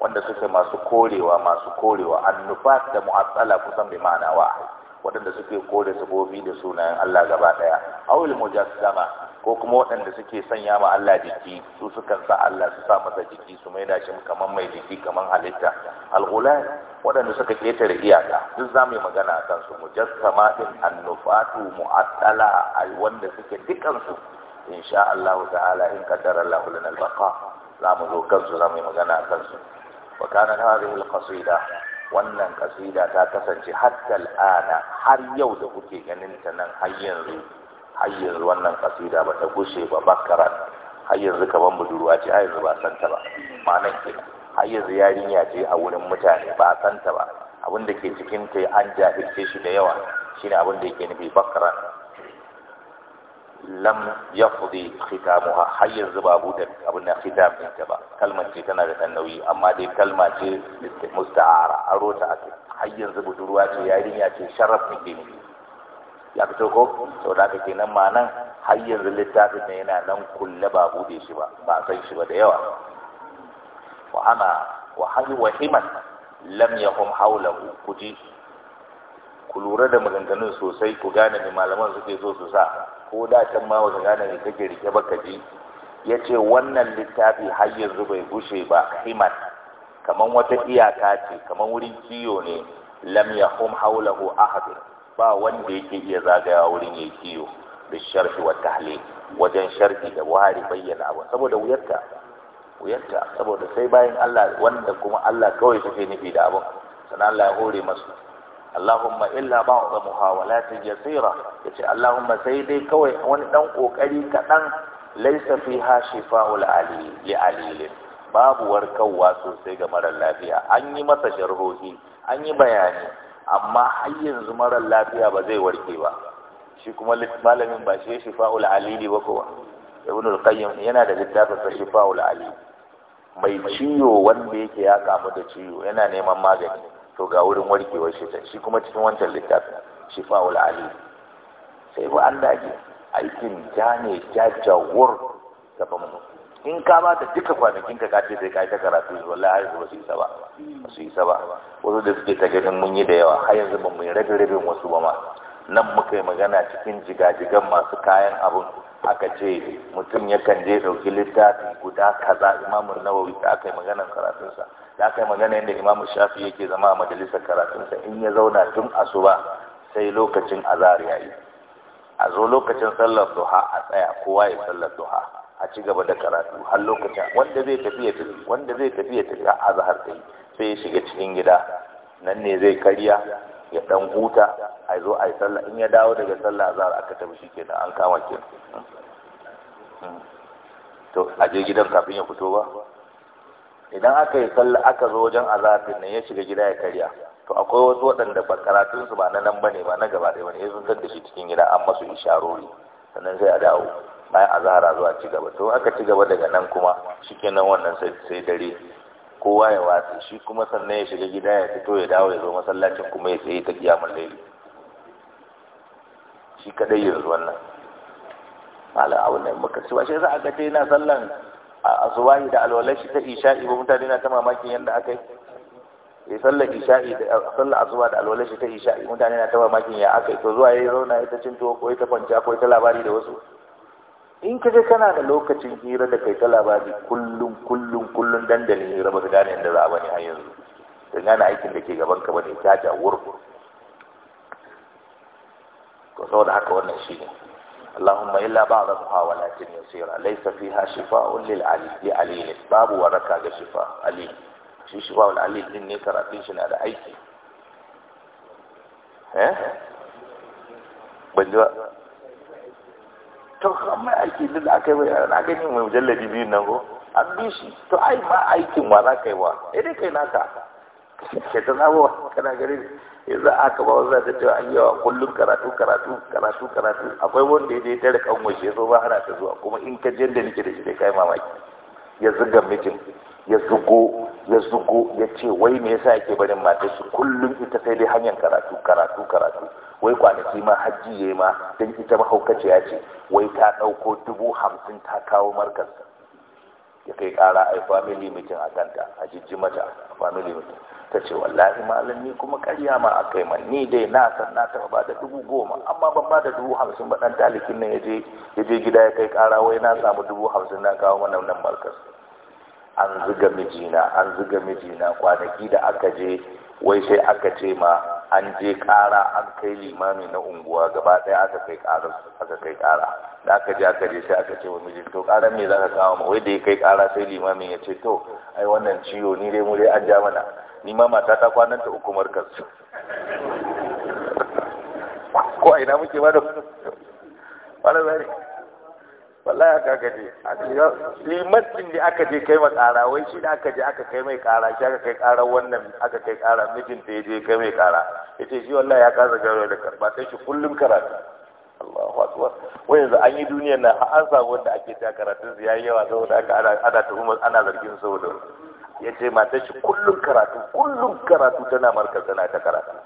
wanda suke masu korewa masu korewa an nufat da mu'attala kusan bi ma'ana wahid waɗanda suke kore sabobi da sunayen Allah gaba ɗaya su mujassama ko kuma waɗanda suke sanya ma Allah jiki su sukan sa Allah su sa masa jiki su mai da shi kaman mai jiki kamar halitta alghulal waɗanda suka ketare iyaka duk za mu yi magana a kansu mujassama din annufatu mu'attala wanda suke dukansu insha Allah ta'ala in qaddara Allah lana al za mu zo kansu za mu yi magana a kansu kana hadhihi alqasida wannan kasida ta kasance har ta al'ana har yau da kuke ganin ta nan har yanzu har yanzu wannan kasida ba ta gushe ba bakaran har yanzu kaman budurwa ce har yanzu ba san ta ba ma'anar ke, har yanzu yarinya ce a wurin mutane ba san ta ba abin da ke cikin ta an jahilce shi da yawa shine abin da yake nufi bakaran lam yafdi khitamuha har yanzu ba da abin da khitam ta ba kalmar ce tana da dan amma dai kalma ce musta'ara aro ta ake har yanzu budurwa ce yarinya ce sharaf ne ke ya fito ko sau da aka kenan ma nan har yanzu littafin ne yana nan kulle ba bude shi ba ba san shi ba da yawa wa ana wa hal wa himan lam yahum hawlahu kuji ku lura da maganganun sosai ku gane me malaman suke so su sa ko da can ma baka gane ne kake rike ba ka ji ce wannan littafi har yanzu bai gushe ba himan kaman wata iyaka ce kamar wurin kiyo ne lam hum haulahu ahad ba wanda yake iya zagaya wurin yayi kiyo da sharhi wa tahli wajen sharhi da wari bayyana abu saboda wuyarta wuyarta saboda sai bayan Allah wanda kuma Allah kawai suke nufi da abu sanan Allah ya hore masu Allahumma illa ba'dha muhawalatin yasira yace Allahumma sai dai kawai wani ɗan kokari kaɗan laysa fiha shifaa'ul ali li alil babu warkarwa sosai ga marar lafiya an yi masa sharhohi an yi bayani amma har yanzu marar lafiya ba zai warke ba shi kuma malamin ba shi shifaa'ul alili ba kowa ibn al yana da littafin sa shifaa'ul alili mai ciwo wanda yake ya kamu da ciwo yana neman magani to ga wurin warkewar shaitan shi kuma cikin wancan littafin fa'ul ali sai ba an dage aikin ja ne jajawar ta in ka ba ta duka kwanakin ka kace sai kai ta karatu wallahi har yanzu ba su isa ba ba su yi saba wasu da suke ta ganin mun yi da yawa har yanzu ba mu yi rabin rabin wasu ba ma nan muka yi magana cikin jigajigan masu kayan abin aka ce mutum yakan je ɗauki littafi guda kaza imamun nawawi da aka yi maganar karatunsa da aka yi magana yadda imamu shafi yake zama a majalisar karatunsa in ya zauna tun asuba sai lokacin azhar ya yi a zo lokacin sallar duha a tsaya kowa ya sallar duha a ci gaba da karatu har lokacin wanda zai tafi ya tafi wanda zai tafi ya tafi a azhar sai sai ya shiga cikin gida nan ne zai karya ya dan huta a zo a yi sallah in ya dawo daga sallah azhar aka tafi shi ke an kama ke hmm. to a je gidan kafin ya fito ba idan aka yi sallah aka zo wajen azafin ne ya shiga gida ya karya to akwai wasu waɗanda ba karatun su ba na nan bane ba na gaba ɗaya bane sun san da shi cikin gida an masu isharori sannan sai a dawo bayan azahara zuwa ci gaba to aka ci gaba daga nan kuma shikenan wannan sai dare kowa ya watsi shi kuma sannan ya shiga gida ya fito ya dawo ya zo masallacin kuma ya sayi ta kiyamar laili shi kadai yanzu wannan ala abu ne muka ci washe za a ga yana sallan asubahi da alwalai shi ta isha'i ba mutane na ta mamakin yadda aka yi ya sallar isha'i da sallar asuba da alwalai shi ta isha'i mutane na ta mamakin ya aka yi to zuwa ya yi zauna ita cin tuwo ko ita kwanciya ko ita labari da wasu in ka je kana da lokacin hira da kai ta labari kullum kullum kullum dandalin hira ba da gane yadda za a bane a yanzu da gane aikin da ke gaban ka bane ta ja wur ko saboda haka wannan shi ne allahumma illa ba'da suha wa lakin yasira laysa fiha shifa'un lil ali bi ali babu waraka ga shifa ali shi shifa wal ali din ne karatun shi na da aiki eh ban ji to kamar aiki duk da aka yi wa na gani mai mujalladi biyu nan ko an bi to ai ma aikin wa za ka yi wa idan eh, dai kai naka ke ta zama kana gari yanzu aka ba wanzu ta cewa an yawa kullum karatu karatu karatu karatu akwai wanda ya dai tare kan wace zo ba hana ta zuwa kuma in ka jin da nake da shi dai kai mamaki ya zuga mijin ya zugo ya zugo ya ce wai me yasa yake barin matar shi kullum ita sai dai hanyar karatu karatu karatu wai kwanaki ma hajji yi ma don ita ya ce wai ta ɗauko dubu hamsin ta kawo markas ya kai kara ai family meeting a kanta a jijji mata family meeting ta ce wallahi malam ni kuma karya ma a kai man ni dai na san na taɓa ba da dubu goma amma ban ba da dubu hamsin ba ɗan talikin nan ya je gida ya kai ƙara wai na samu dubu hamsin na kawo mana nan markas an ziga mijina an ziga mijina kwanaki da aka je wai sai aka ce ma an je kara an kai limami na unguwa gaba ɗaya aka kai ƙara aka kai ƙara da aka je aka je sai aka ce wa miji to ƙaran me za ka kawo ma wai da ya kai ƙara sai limamin ya ce to ai wannan ciwo ni dai mu dai an ja mana ni ma mata ta kwanan ta uku markas ko ina muke ba da wani zari wallahi aka gaje? je limatin da aka je kai makara wai shi da aka je aka kai mai kara shi aka kai kara wannan aka kai kara mijin da ya je kai mai kara yace shi wallahi ya kasa garo da karba sai shi kullum karatu Allahu akbar wai yanzu an yi duniyar nan an samu wanda ake ta karatun su yayi yawa saboda aka ana ta ana zargin saboda yace matar shi kullum karatu kullum karatu tana marka tana ta karatu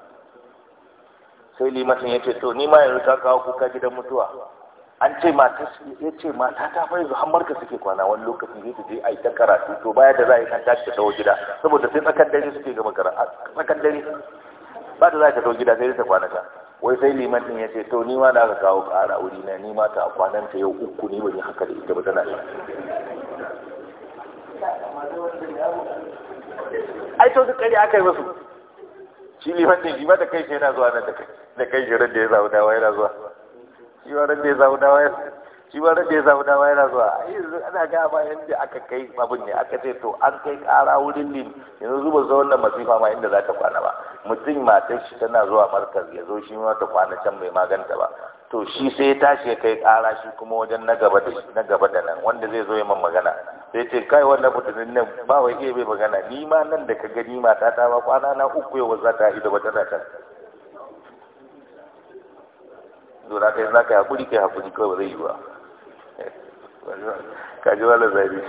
sai limatin yace to ni ma yanzu ka kawo kuka gidan mutuwa an ce mata ya ce mata ta fa zuwa har suke kwana wani lokaci zai ta je a yi ta karatu to baya da za a yi kan tashi ta dawo gida saboda sai tsakan dare suke gama karatu tsakan dare ba da za ta dawo gida sai ta kwana ta wai sai liman din ya ce to ni ma da aka kawo kara wuri na ni ma ta kwanan ta yau uku ne ban yi haka da ita ba tana yi ai to duk kare aka yi musu shi liman din shi ma da kai shi yana zuwa nan da kai da kai da ya zaune dawa yana zuwa shi ba rabbe saudawa shi ba rabbe saudawa yana zuwa yanzu ana ga ba yanda aka kai abin ne aka ce to an kai kara wurin ne yanzu zuba zuwa wannan masifa ma inda za ta kwana ba mutum matar shi tana zuwa markaz ya zo shi ma ta kwana can bai maganta ba to shi sai ya tashi ya kai kara shi kuma wajen na gaba da nan wanda zai zo ya man magana sai ce kai wannan mutumin nan ba wai iya bai magana ni ma nan da ka gani mata ta ba kwana na uku yau za ta ido ba tana can zura kai za ka hakuri kai hakuri kawai ba zai yi ba ka ji wala zabi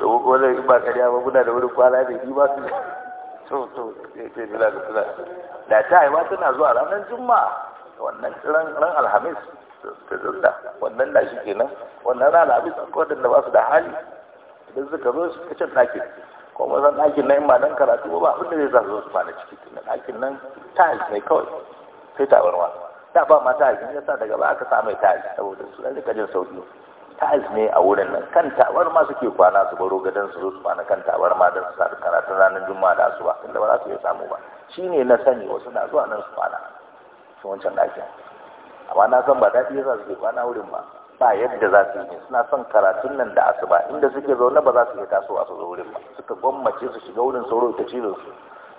to ko wala in ba kariya ba muna da wuri kwana da yi ba su to to sai sai da suna da ta haifa tana zuwa ranar Juma wannan ran ran alhamis ta zunda wannan da shi kenan wannan ran alhamis akwai da ba su da hali idan suka zo su kacin ɗakin kuma san ɗakin nan ma dan karatu ba abin da zai su zo su ciki ciki ɗakin nan yi ne kawai sai tabarwa da ba ma in yasa daga ba aka samu tiles saboda su rika jin sauki ta ne a wurin nan kan tawar ma suke kwana su baro gadan su zo su kwana kan tawar ma da su sa karatun ranar juma'a da asuba inda ba za su iya samu ba shine na sani wasu na zuwa nan su kwana su wancan ɗakin amma na san ba daɗi yasa suke kwana wurin ba ba yadda za su yi suna son karatun nan da asuba inda suke zaune ba za su iya tasowa su zo wurin ba suka gwammace su shiga wurin sauro ta cizon su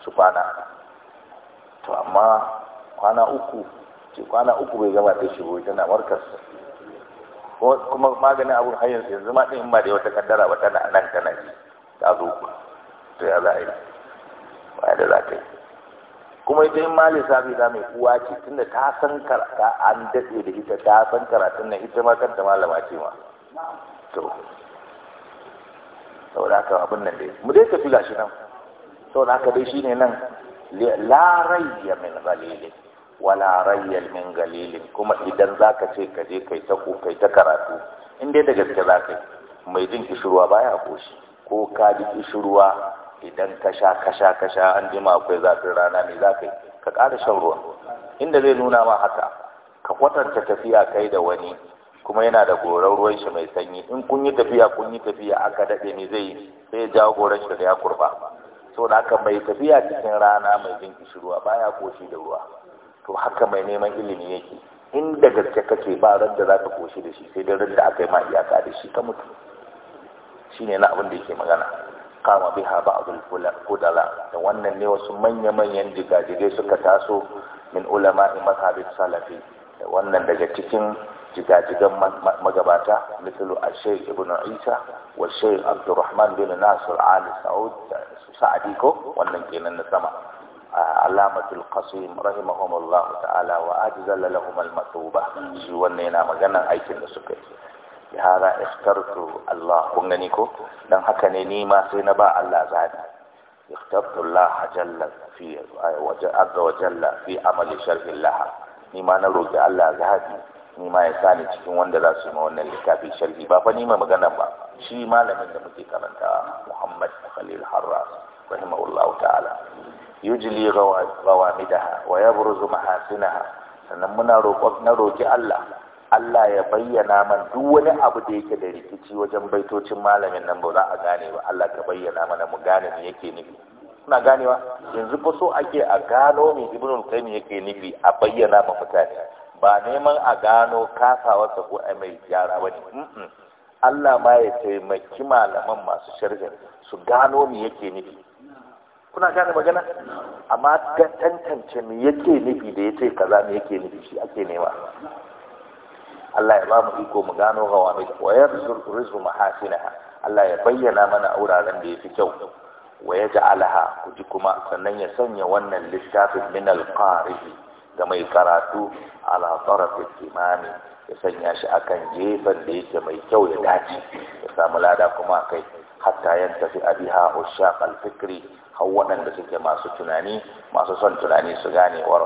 su kwana to amma kwana uku ce kwana uku bai gama ta shigo tana markas kuma maganin abu har yanzu yanzu ma din in ba da wata kaddara ba tana nan tana ji ta zo to ya za a yi ba da za ta yi kuma ita in ma lissafi da mai kuwa ce tunda ta san karata an daɗe da ita ta san karatun nan ita ma kanta malama ce ma to da haka abin nan dai mu dai tafi gashi nan da haka dai shine nan larai ya min zalilin wala rayyal min galilin kuma idan zaka ce ka je kai ta kai ta karatu in dai da gaske za ka yi mai jin kishirwa baya koshi ko ka ji kishirwa idan ka sha ka sha ka sha an jima akwai zafin rana ne za ka yi ka ƙara shan ruwan inda zai nuna ma haka ka kwatanta tafiya kai da wani kuma yana da goran ruwan shi mai sanyi in kun yi tafiya kun yi tafiya aka daɗe ne zai sai ya jawo goran shi da ya kurba so da haka mai tafiya cikin rana mai jin kishirwa baya koshi da ruwa to haka mai neman ilimi yake in da gaske kake ba randa za ka koshi da shi sai dai da aka yi ma iyaka da shi ka mutu Shi ne na abin da yake magana kama biha ba'dul ko da wannan ne wasu manya-manyan jigajigai suka taso min ulama'i mazhabin salafi da wannan daga cikin jigajigan magabata misalu a sheikh ibn isa wa abdurrahman bin nasir ali sa'ud sa'adi ko wannan kenan na sama alamatul qasim rahimahumullah ta'ala wa ajzala lahum al-matuba shi wannan yana maganan aikin da suka yi bihara ikhtartu Allah kun gani ko dan haka ne ni ma sai na ba Allah zabi ikhtartu Allah jalla fi waja azza fi amali sharhi Allah ni na roki Allah zabi ni ma ya sani cikin wanda za su yi wannan littafi sharhi ba fa ni ma magana ba shi malamin da muke karanta Muhammad Khalil Harras rahimahullahu ta'ala yujli gawamidaha wa yabruzu mahasinaha sannan muna roƙon na roƙi Allah Allah ya bayyana man duk wani abu da yake da rikici wajen baitocin malamin nan ba za a gane ba Allah ka bayyana mana mu gane me yake nufi kuna ganewa yanzu fa so ake a gano me Ibnu Qayyim yake nufi a bayyana ma mutane ba neman a gano kasawarsa ko ai mai yara ba ne Allah ma ya taimaki malaman masu sharhi su gano me yake nufi kuna gane magana amma ga tantance me yake nufi da ya yace kaza me yake nufi shi ake nema Allah ya ba mu iko mu gano gawami wa yarzuqu rizqu mahasinaha Allah ya bayyana mana a wuraren da ya fi kyau wa ku ji kuma sannan ya sanya wannan littafin min al ga mai karatu ala da kimani ya sanya shi akan gefen da yake mai kyau ya dace ya samu lada kuma kai hatta fi biha ushaq al-fikri har waɗanda suke masu tunani masu son tunani su gane wa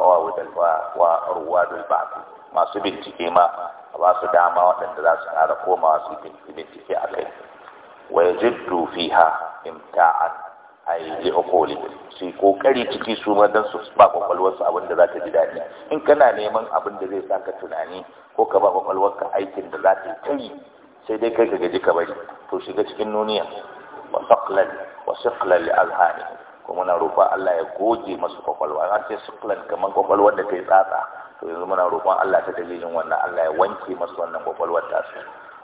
ruwa dul masu bincike ma ba su dama waɗanda za su ƙara koma su bincike a kai wa yajiddu fiha imta'an ay li uquli su kokari ciki su ma dan su ba kwakwalwarsu su abin da za ta ji daɗi in kana neman abin da zai saka tunani ko ka ba kwakwalwar ka aikin da za ta yi sai dai kai ka gaji ka bari to shiga cikin nuniya suqlan wa suqlan li alhani kuma na roƙon Allah ya goge masu kwakwalwa na ce suqlan kaman kwakwalwar da yi tsatsa to yanzu muna roƙon Allah ta dalilin wannan Allah ya wanke masu wannan kwakwalwar ta su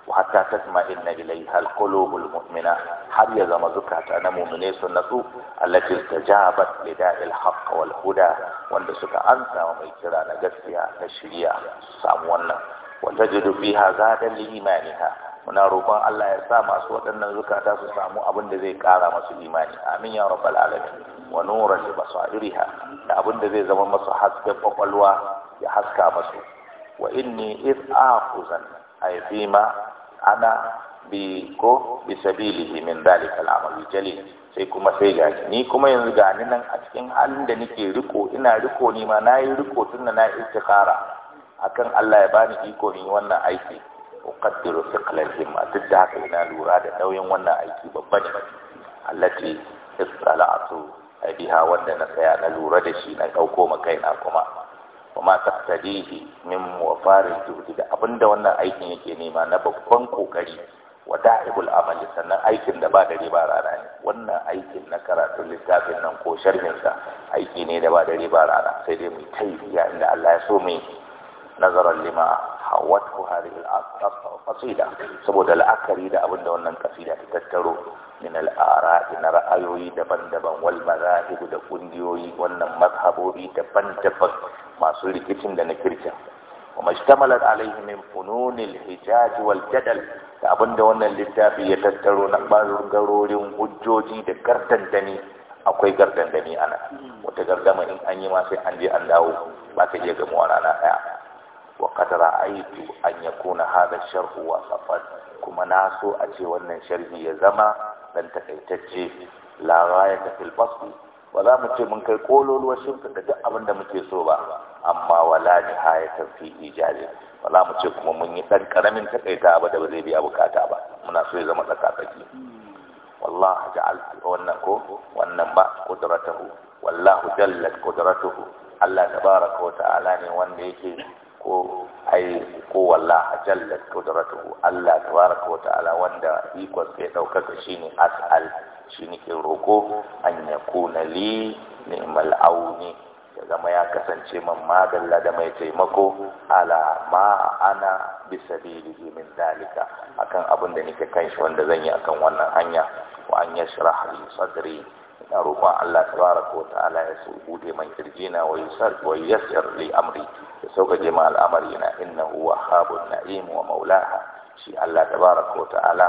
wa hatta tasma inna ilayhi hal qulubul mu'mina har ya zama zukata na mu'mine sun natsu allati tajabat li da'il haqq wal huda wanda suka ansa mai kira na gaskiya na shiriya su samu wannan wata jidu fiha zadan limaniha muna roƙon Allah ya sa masu waɗannan zukata su samu abin da zai ƙara masu imani amin ya rabbal alamin wa nuran li basairiha da abin da zai zama masu haske kwakwalwa ya haska masu wa inni a aquzan ay ma ana bi ko bi sabilihi min dalika al-amal sai kuma sai ga ni kuma yanzu ga ni nan a cikin halin da nake riko ina riko ni ma nayi riko tunda na kara akan Allah ya bani iko in wannan aiki uqaddiru thiqla himma duk da haka ina lura da nauyin wannan aiki babba ne allati istala'tu biha wanda na tsaya na lura da shi na dauko ma kaina kuma kuma taqtadihi min muwafarin juhdi da abinda wannan aikin yake nema na babban kokari wa da'ibul amal sannan aikin da ba da riba rana ne wannan aikin na karatun littafin nan ko sharhinsa aiki ne da ba da riba rana sai dai mu tayyiya inda Allah ya so mu nazarar lima hawatku hadhihi al-qasida saboda la'akari da abinda wannan kasida ta tattaro min al-ara'i na ra'ayoyi daban-daban wal mazahib da kungiyoyi wannan mazhabobi daban-daban masu rikicin da na kirkin kuma ishtamalat alaihi min funun al-hijaj wal jadal da abinda wannan littafi ya tattaro na bangarorin hujjoji da gardandani akwai gardandani ana wata gardama in an yi ma sai an je an dawo ba ta iya gamuwa rana daya وقد رأيت أن يكون هذا الشرح وصفا كما ناسو أتي وأن شرحي يزما لن تكيتجي لا غاية في البسط ولا متي من كقولوا الوشم تدق أبن دمتي سوبا أما ولا نهاية في إيجاده ولا متي كما من يتن كرمين تكيتا أبدا وزيبي أبو كاتابا مناسو يزما تكاتجي والله جعل وأنكو وأنما قدرته والله جلت قدرته الله تبارك وتعالى ne wanda yake ko ai ko wallah jallat qudratuhu Allah tabaraka wa ta'ala wanda ikon sai daukaka shine as'al shine ke roko an yakuna li ni'mal auni ya zama ya kasance man madalla da mai taimako ala ma ana bisa sabilihi min dalika akan abin da nake kan shi wanda zan yi akan wannan hanya wa an yashrah li sadri ina roƙon Allah tabaraka wa ta'ala ya su bude man kirjina wa yusar wa yassir li amri ya sauƙaƙe ma al'amari na innahu wahhabun na'im wa maulaha shi Allah tabaraka wa ta'ala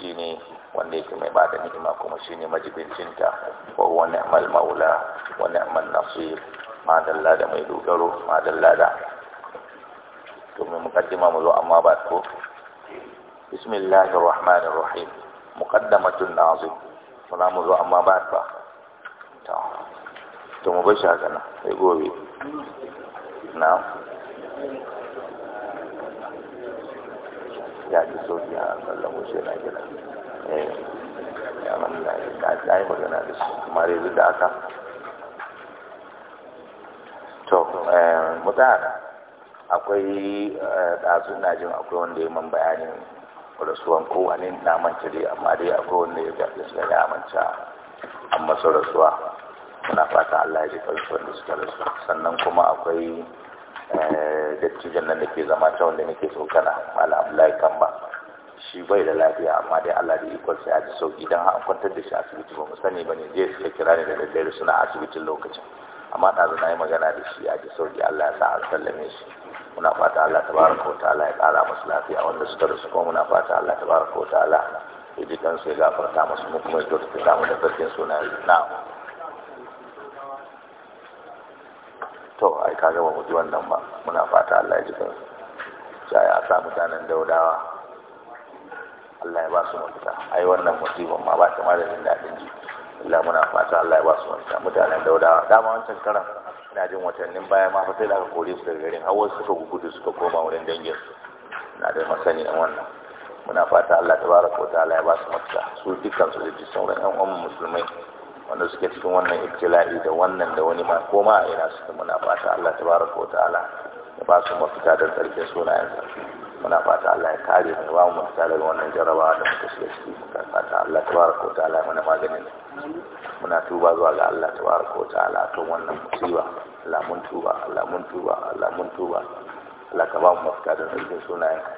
shine wanda yake mai bada ni'ima kuma shine majibincin ta wa huwa ni'mal maula wa ni'mal nasir ma dalla da mai dogaro ma dalla da to mu mukaddima mu zo amma ba ko bismillahir rahmanir rahim muqaddamatun nazim sana mu zo amma ba ta to mu bashi haka na sai gobe Na ya ji sofi a sallamo shi na gina eh ya manna ya ta yi magana da shi kuma yanzu da aka to eh, mutane akwai eh, ɗazu na jin akwai wanda ya man bayanin rasuwan kowane na manta dai amma dai akwai wanda ya gaɗe su ya manta an masa rasuwa muna fata Allah ya ji ƙarfin da suka rasu sannan kuma akwai eh, dattijan nan da ke zama ta wanda nake tsokana malam laikan Kamba shi bai da lafiya amma dai Allah da ikon sai a ji sauki don an kwantar da shi asibiti ba mu sani bane je suka kira ni da daddare suna asibitin lokacin amma ɗazu na yi magana da shi a ji sauki Allah ya sa an sallame shi muna fata Allah tabaraka wa ta'ala ya ƙara musu lafiya wanda suka rasu kuma muna fata Allah tabaraka wa ta'ala ya ji kansu ya gafarta musu mu kuma ya kyautata mu da sarkin suna na'am to ai ka gaba mu ji wannan ba muna fata Allah ya ji kansu sai ya sa mutanen daudawa Allah ya ba su mutunta ai wannan musibar ma ba ta ma da jin dadin ji Allah muna fata Allah ya ba su mutunta mutanen daudawa dama wancan karan ina jin watannin baya ma fa sai da aka kore su daga garin hawa suka gudu suka koma wurin dangin na da masani a wannan muna fata Allah tabaraka wa ta'ala ya ba su mafita su dukkan su da sauran ƴan uwan musulmai wanda suke cikin wannan ibtila'i da wannan da wani ma koma a ina suke muna fata Allah ta wa ta'ala ya ba su mafita da suna sunayensa muna fata Allah ya kare mu ba mu mafita daga wannan jarabawa da muka shiga ciki muka fata Allah ta baraka wa ta'ala mana maganin muna tuba zuwa ga Allah ta wa ta'ala kan wannan musiba Allah mun tuba Allah mun tuba Allah mun tuba Allah ka ba mu mafita da suna yanzu.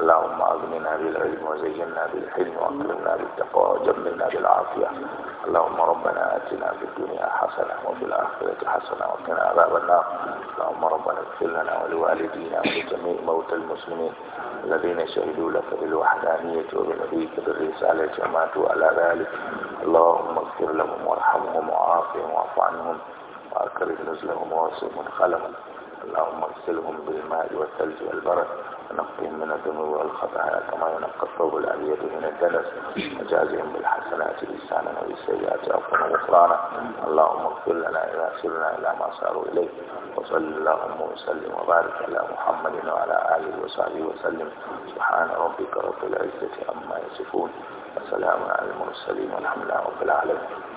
اللهم أغننا بالعلم وزينا بالحلم وأكرمنا بالتقوى وجملنا بالعافية اللهم ربنا آتنا في الدنيا حسنة وفي الآخرة حسنة وقنا عذاب النار اللهم ربنا اغفر لنا ولوالدينا ولجميع موتى المسلمين الذين شهدوا لك بالوحدانية وبنبيك بالرسالة وماتوا على ذلك اللهم اغفر لهم وارحمهم وعافهم واعف عنهم وأكرم نزلهم ووسع مدخلهم اللهم اغسلهم بالماء والثلج والبرد ونقهم من الذنوب والخطايا كما ينقى الثوب الأبيض من الدنس وجازهم بالحسنات لسانا وبالسيئات عفوا وغفرانا اللهم اغفر لنا إذا سرنا إلى ما ساروا إليه وصل اللهم وسلم وبارك على محمد وعلى آله وصحبه وسلم سبحان ربك رب العزة عما يصفون وسلام على المرسلين والحمد لله رب العالمين